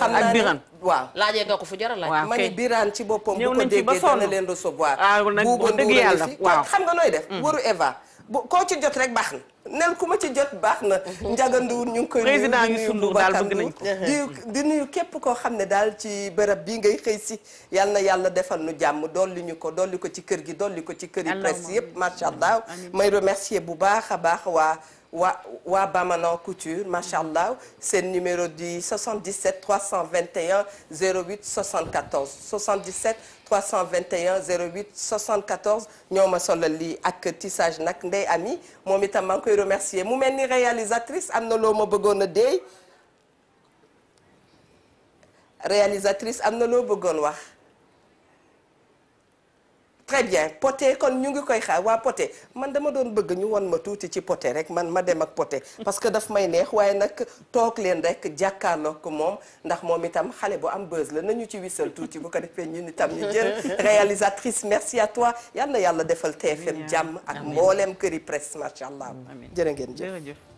xam naa ak Birane waaw laajee nga ko fu jara laaj. waaw ma ni Birane ci boppam. ñëw nañ ci ba sonn bu ko déggee dana leen recevoir. Ah, waaw nag bu waaw xam nga nooy def. Mm. waru Eva bu koo ci jot rek baax na. nel ku ma ci jot baax na. njaganduwul ñu ngi koy. président yu sundu daal bëgg nañ ko di nuyu képp koo xam ne daal ci bërëb bi ngay xëy si. yal na yàlla defal nu jàmm dolli ñu ko dolli ko ci kër gi dolli ko ci kër yi. presse yëpp macha allah may remercier bu baax a baax waa waa waa Bamanan Couture macha allah seen numéro di 77 321 08 74 77 321 08 74 ñoo ma sola lii ak tissage nag ndey ami moom itam maa koy remercier mu mel ni réalisatrice am na loo ma bëggoon a dee réalisatrice am na loo bëggoon wax. très bien poté kon ñu ngi koy xaar waa poté man dama doon bëgg ñu won ma tuuti ci poté rek man ma dem ak poté parce que daf may neex waaye nag toog leen rek jàkkaarloog moom ndax moom itam xale bu am bës la na ñu ci wisal tuuti bu ko defee ñun itam ñu jël réalisatrice merci à toi yal na yàlla defal TFM jàmm ak mbooleem këri presse macha allah jërë ngeen jëf